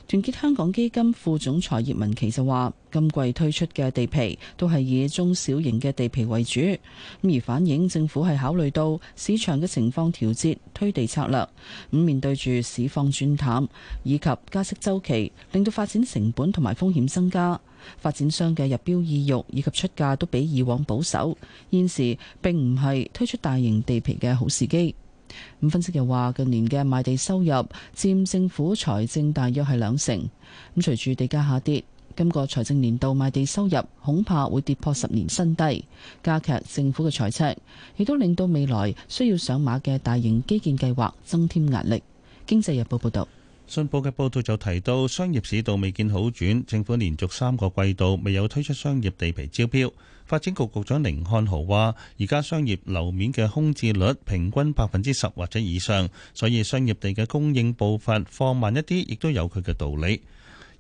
團結香港基金副總裁葉文琪就話，今季推出嘅地皮都係以中小型嘅地皮為主。咁而反映政府係考慮到市場嘅情況調節推地策略。咁面對住市況轉淡以及加息周期，令到發展成本同埋風險增加。發展商嘅入標意欲以及出價都比以往保守，現時並唔係推出大型地皮嘅好時機。咁分析又話近年嘅賣地收入佔政府財政大約係兩成，咁隨住地價下跌，今個財政年度賣地收入恐怕會跌破十年新低，加劇政府嘅財赤，亦都令到未來需要上馬嘅大型基建計劃增添壓力。經濟日報報導。信報嘅報道就提到，商業市道未見好轉，政府連續三個季度未有推出商業地皮招標。發展局局長寧漢豪話，而家商業樓面嘅空置率平均百分之十或者以上，所以商業地嘅供應步伐放慢一啲，亦都有佢嘅道理。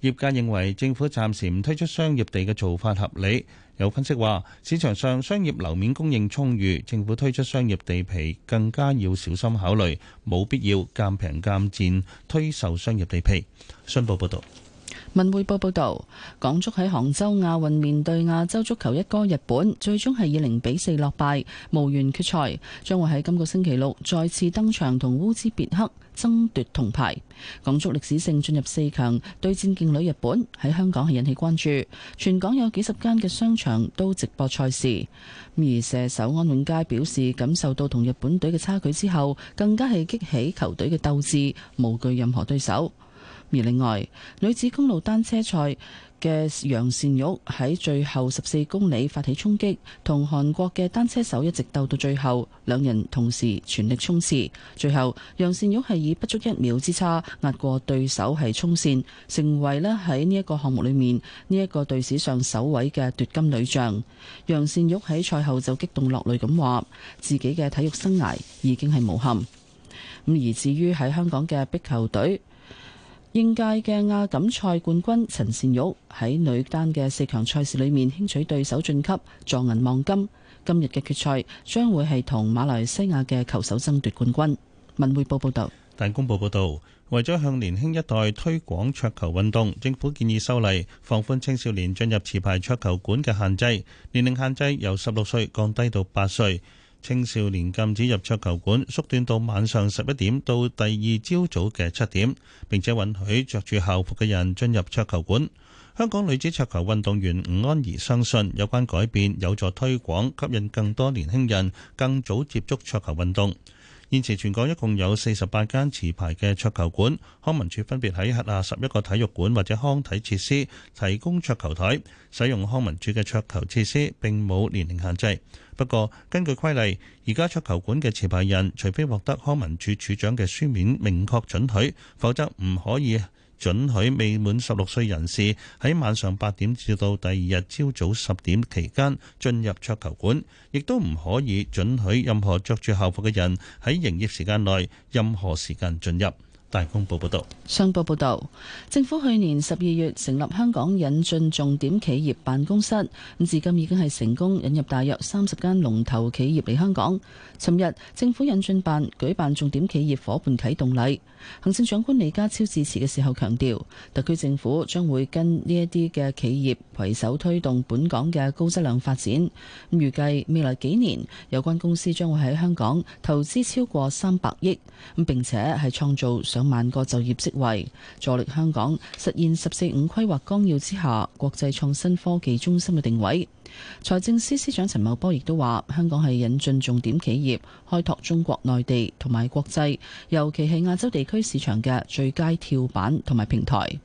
業界認為政府暫時唔推出商業地嘅做法合理。有分析話，市場上商業樓面供應充裕，政府推出商業地皮更加要小心考慮，冇必要賤平賤賤推售商業地皮。信報報道。文匯報報道，港足喺杭州亞運面對亞洲足球一哥日本，最終係以零比四落敗，無緣決賽，將會喺今個星期六再次登場同烏茲別克爭奪銅牌。港足歷史性進入四強，對戰勁旅日本，喺香港係引起關注，全港有幾十間嘅商場都直播賽事。而射手安永佳表示，感受到同日本隊嘅差距之後，更加係激起球隊嘅鬥志，無懼任何對手。而另外，女子公路單車賽嘅楊善玉喺最後十四公里發起衝擊，同韓國嘅單車手一直鬥到最後，兩人同時全力衝刺。最後，楊善玉係以不足一秒之差壓過對手，係衝線，成為咧喺呢一個項目裏面呢一個隊史上首位嘅奪金女將。楊善玉喺賽後就激動落淚咁話，自己嘅體育生涯已經係無憾。咁而至於喺香港嘅壁球隊。應屆嘅亞錦賽冠軍陳善玉喺女單嘅四強賽事裏面輕取對手晉級，坐銀望金。今日嘅決賽將會係同馬來西亞嘅球手爭奪冠軍。文匯報報道，大公報報道，為咗向年輕一代推廣桌球運動，政府建議修例放寬青少年進入持牌桌球館嘅限制，年齡限制由十六歲降低到八歲。青少年禁止入桌球館，縮短到晚上十一點到第二朝早嘅七點，並且允許着住校服嘅人進入桌球館。香港女子桌球運動員吳安儀相信，有關改變有助推廣，吸引更多年輕人更早接觸桌球運動。現時全港一共有四十八間持牌嘅桌球館，康文署分別喺轄下十一個體育館或者康體設施提供桌球台。使用康文署嘅桌球設施並冇年齡限制。不過根據規例，而家桌球館嘅持牌人，除非獲得康文署署長嘅書面明確准許，否則唔可以，准許未滿十六歲人士喺晚上八點至到第二日朝早十點期間進入桌球館，亦都唔可以准許任何着住校服嘅人喺營業時間內任何時間進入。大公報報道，商報報道，政府去年十二月成立香港引進重點企業辦公室，咁至今已經係成功引入大約三十間龍頭企業嚟香港。尋日政府引進辦舉辦重點企業伙伴啟動禮，行政長官李家超致辭嘅時候強調，特區政府將會跟呢一啲嘅企業攜手推動本港嘅高質量發展。咁預計未來幾年，有關公司將會喺香港投資超過三百億，咁並且係創造上萬個就業職位，助力香港實現十四五規劃綱要之下國際創新科技中心嘅定位。財政司司長陳茂波亦都話，香港係引進重點企業業開拓中國內地同埋國際，尤其係亞洲地區市場嘅最佳跳板同埋平台。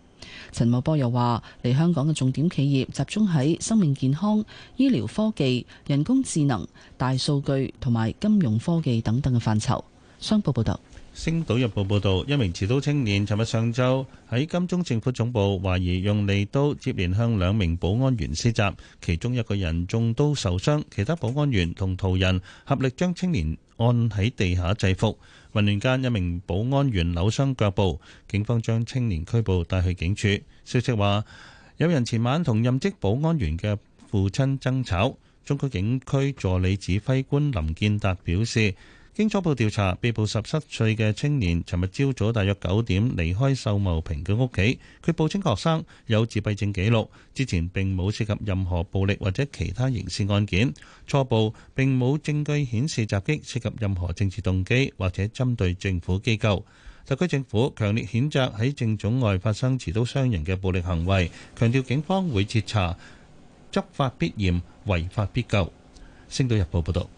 陳茂波又話，嚟香港嘅重點企業集中喺生命健康、醫療科技、人工智能、大數據同埋金融科技等等嘅範疇。商報報道。《星島日報》報導，一名持刀青年尋日上晝喺金鐘政府總部，懷疑用利刀接連向兩名保安員施襲，其中一個人中刀受傷，其他保安員同途人合力將青年按喺地下制服。混亂間，一名保安員扭傷腳部，警方將青年拘捕帶去警署。消息話，有人前晚同任職保安員嘅父親爭吵。中區警區助理指揮官林建達表示。經初步調查，被捕十七歲嘅青年，尋日朝早大約九點離開秀茂坪嘅屋企。佢報稱學生有自閉症記錄，之前並冇涉及任何暴力或者其他刑事案件。初步並冇證據顯示襲擊涉及任何政治動機或者針對政府機構。特區政府強烈譴責喺政總外發生持刀傷人嘅暴力行為，強調警方會徹查，執法必嚴，違法必究。星島日報報道。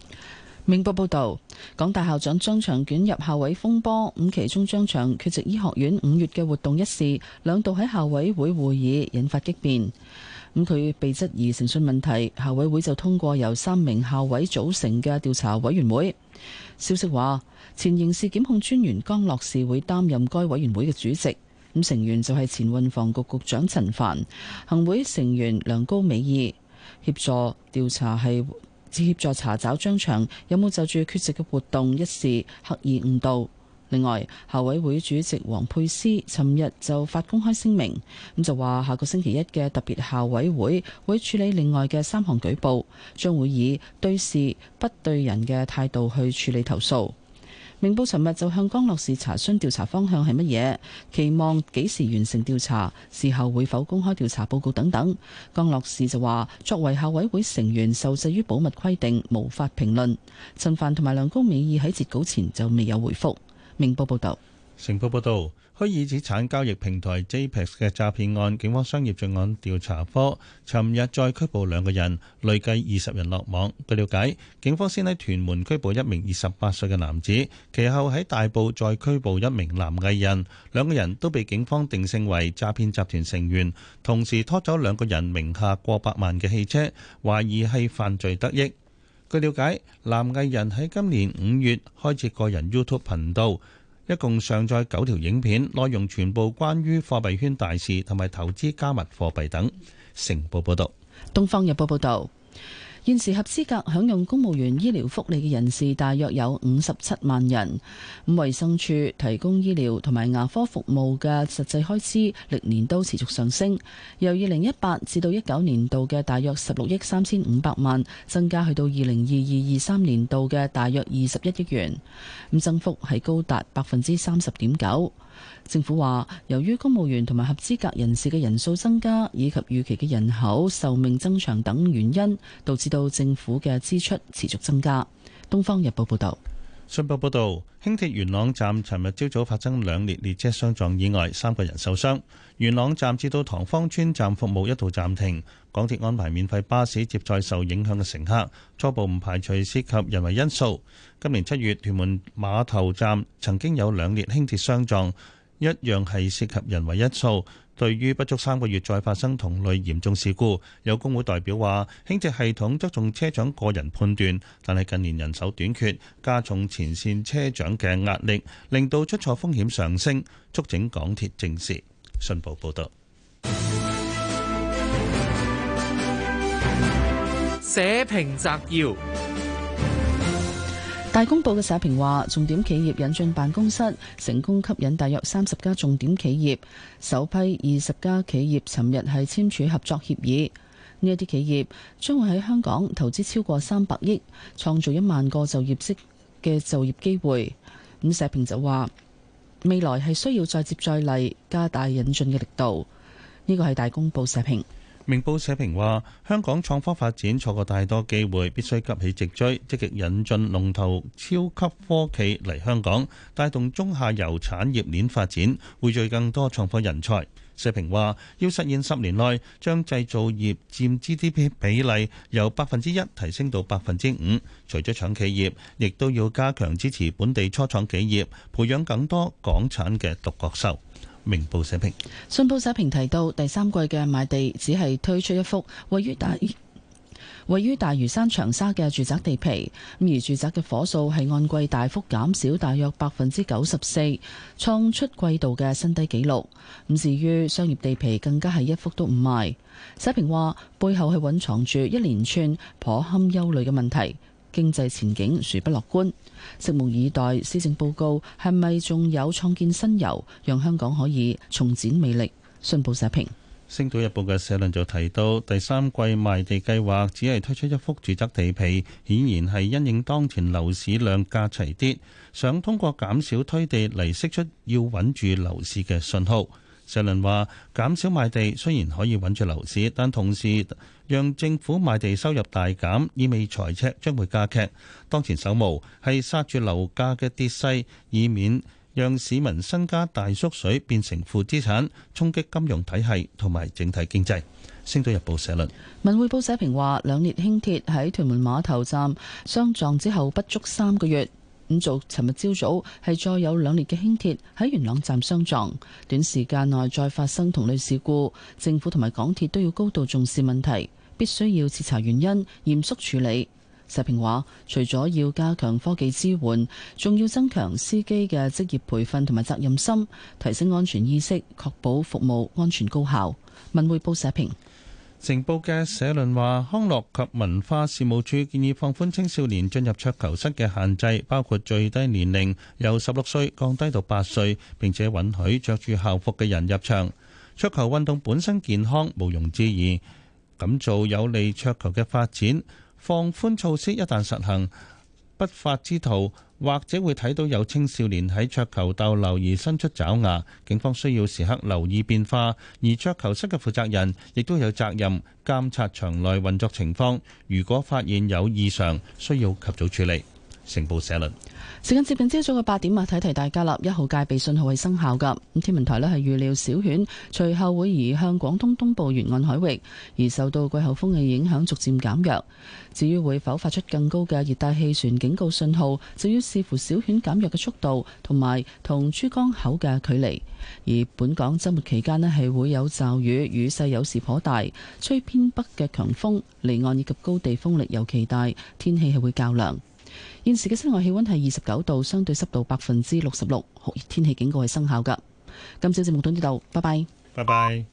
明報報道，港大校長張翔捲入校委風波，其中張翔缺席醫學院五月嘅活動一事，兩度喺校委會會議引發激辯。咁、嗯、佢被質疑誠信問題，校委會就通過由三名校委組成嘅調查委員會。消息話，前刑事檢控專員江樂士會擔任該委員會嘅主席，咁成員就係前運房局局長陳帆，行會成員梁高美懿協助調查係自協助查找張翔有冇就住缺席嘅活動一事刻意誤導。另外，校委會主席王沛詩尋日就發公開聲明，咁就話下個星期一嘅特別校委會會會處理另外嘅三項舉報，將會以對事不對人嘅態度去處理投訴。明報尋日就向江樂士查詢調查方向係乜嘢，期望幾時完成調查，事後會否公開調查報告等等。江樂士就話：作為校委會成員，受制於保密規定，無法評論。陳凡同埋梁高美意喺截稿前就未有回覆。明報報道。成報報道。虛擬資產交易平台 JPEX 嘅詐騙案，警方商業罪案調查科尋日再拘捕兩個人，累計二十人落網。據了解，警方先喺屯門拘捕一名二十八歲嘅男子，其後喺大埔再拘捕一名男藝人，兩個人都被警方定性為詐騙集團成員，同時拖走兩個人名下過百萬嘅汽車，懷疑係犯罪得益。據了解，男藝人喺今年五月開設個人 YouTube 頻道。一共上載九條影片，內容全部關於貨幣圈大事同埋投資加密貨幣等。成報報道，東方日報報道。現時合資格享用公務員醫療福利嘅人士大約有五十七萬人。咁，衛生署提供醫療同埋牙科服務嘅實際開支歷年都持續上升，由二零一八至到一九年度嘅大約十六億三千五百萬，增加去到二零二二二三年度嘅大約二十一億元。咁增幅係高達百分之三十點九。政府話，由於公務員同埋合資格人士嘅人數增加，以及預期嘅人口壽命增長等原因，導致到政府嘅支出持續增加。東方日報報道。信報報道，輕鐵元朗站尋日朝早發生兩列列車相撞意外，三個人受傷。元朗站至到塘坊村站服務一度暫停，港鐵安排免費巴士接載受影響嘅乘客。初步唔排除涉及人為因素。今年七月屯門碼頭站曾經有兩列輕鐵相撞，一樣係涉及人為因素。對於不足三個月再發生同類嚴重事故，有工會代表話輕鐵系統側重車長個人判斷，但係近年人手短缺，加重前線車長嘅壓力，令到出錯風險上升。促請港鐵正視。信報報道，社評摘要。大公報嘅社評話，重點企業引進辦公室成功吸引大約三十家重點企業，首批二十家企業尋日係簽署合作協議。呢一啲企業將會喺香港投資超過三百億，創造一萬個就業職嘅就業機會。咁社評就話。未來係需要再接再厲，加大引進嘅力度。呢個係大公報社評。明報社評話：香港創科發展錯過太多機會，必須急起直追，積極引進龍頭超級科技嚟香港，帶動中下游產業鏈發展，匯聚更多創科人才。社評話，要實現十年內將製造業佔 GDP 比例由百分之一提升到百分之五，除咗搶企業，亦都要加強支持本地初創企業，培養更多港產嘅獨角獸。明報社評，信報社評提到，第三季嘅賣地只係推出一幅位於大。位於大嶼山長沙嘅住宅地皮，咁而住宅嘅伙數係按季大幅減少，大約百分之九十四，創出季度嘅新低紀錄。咁至於商業地皮，更加係一幅都唔賣。社評話背後係蘊藏住一連串頗堪憂慮嘅問題，經濟前景殊不樂觀。拭目以待，施政報告係咪仲有創建新猷，讓香港可以重展魅力？信報社評。星島日報嘅社論就提到，第三季賣地計劃只係推出一幅住宅地皮，顯然係因應當前樓市量價齊跌，想通過減少推地嚟釋出要穩住樓市嘅信號。社論話，減少賣地雖然可以穩住樓市，但同時讓政府賣地收入大減，意味財赤將會加劇。當前首務係剎住樓價嘅跌勢，以免。讓市民身家大縮水，變成負資產，衝擊金融體系同埋整體經濟。星島日報社論，文匯報社評話：兩列輕鐵喺屯門碼頭站相撞之後不足三個月，咁就尋日朝早係再有兩列嘅輕鐵喺元朗站相撞，短時間內再發生同類事故，政府同埋港鐵都要高度重視問題，必須要徹查原因，嚴肅處理。社評話，除咗要加強科技支援，仲要增強司機嘅職業培訓同埋責任心，提升安全意識，確保服務安全高效。文匯報社評，成報嘅社論話，康樂及文化事務處建議放寬青少年進入桌球室嘅限制，包括最低年齡由十六歲降低到八歲，並且允許着住校服嘅人入場。桌球運動本身健康，毋庸置疑，咁做有利桌球嘅發展。放寬措施一旦實行，不法之徒或者會睇到有青少年喺桌球逗留而伸出爪牙，警方需要時刻留意變化。而桌球室嘅負責人亦都有責任監察場內運作情況，如果發現有異常，需要及早處理。成報社論。時間接近朝早嘅八點啊，提提大家啦，一號戒備信號係生效㗎。咁天文台咧係預料小犬隨後會移向廣東東部沿岸海域，而受到季候風嘅影響逐漸減弱。至於會否發出更高嘅熱帶氣旋警告信號，就要視乎小犬減弱嘅速度同埋同珠江口嘅距離。而本港周末期間咧係會有驟雨，雨勢有時頗大，吹偏北嘅強風，離岸以及高地風力尤其大，天氣係會較涼。現時嘅室外氣溫係二十九度，相對濕度百分之六十六，酷熱天氣警告係生效㗎。今朝節目到呢度，拜拜。拜拜。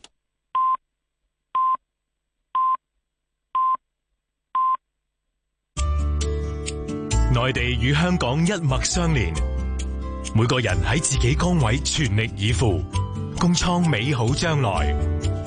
內地與香港一脈相連，每個人喺自己崗位全力以赴，共創美好將來。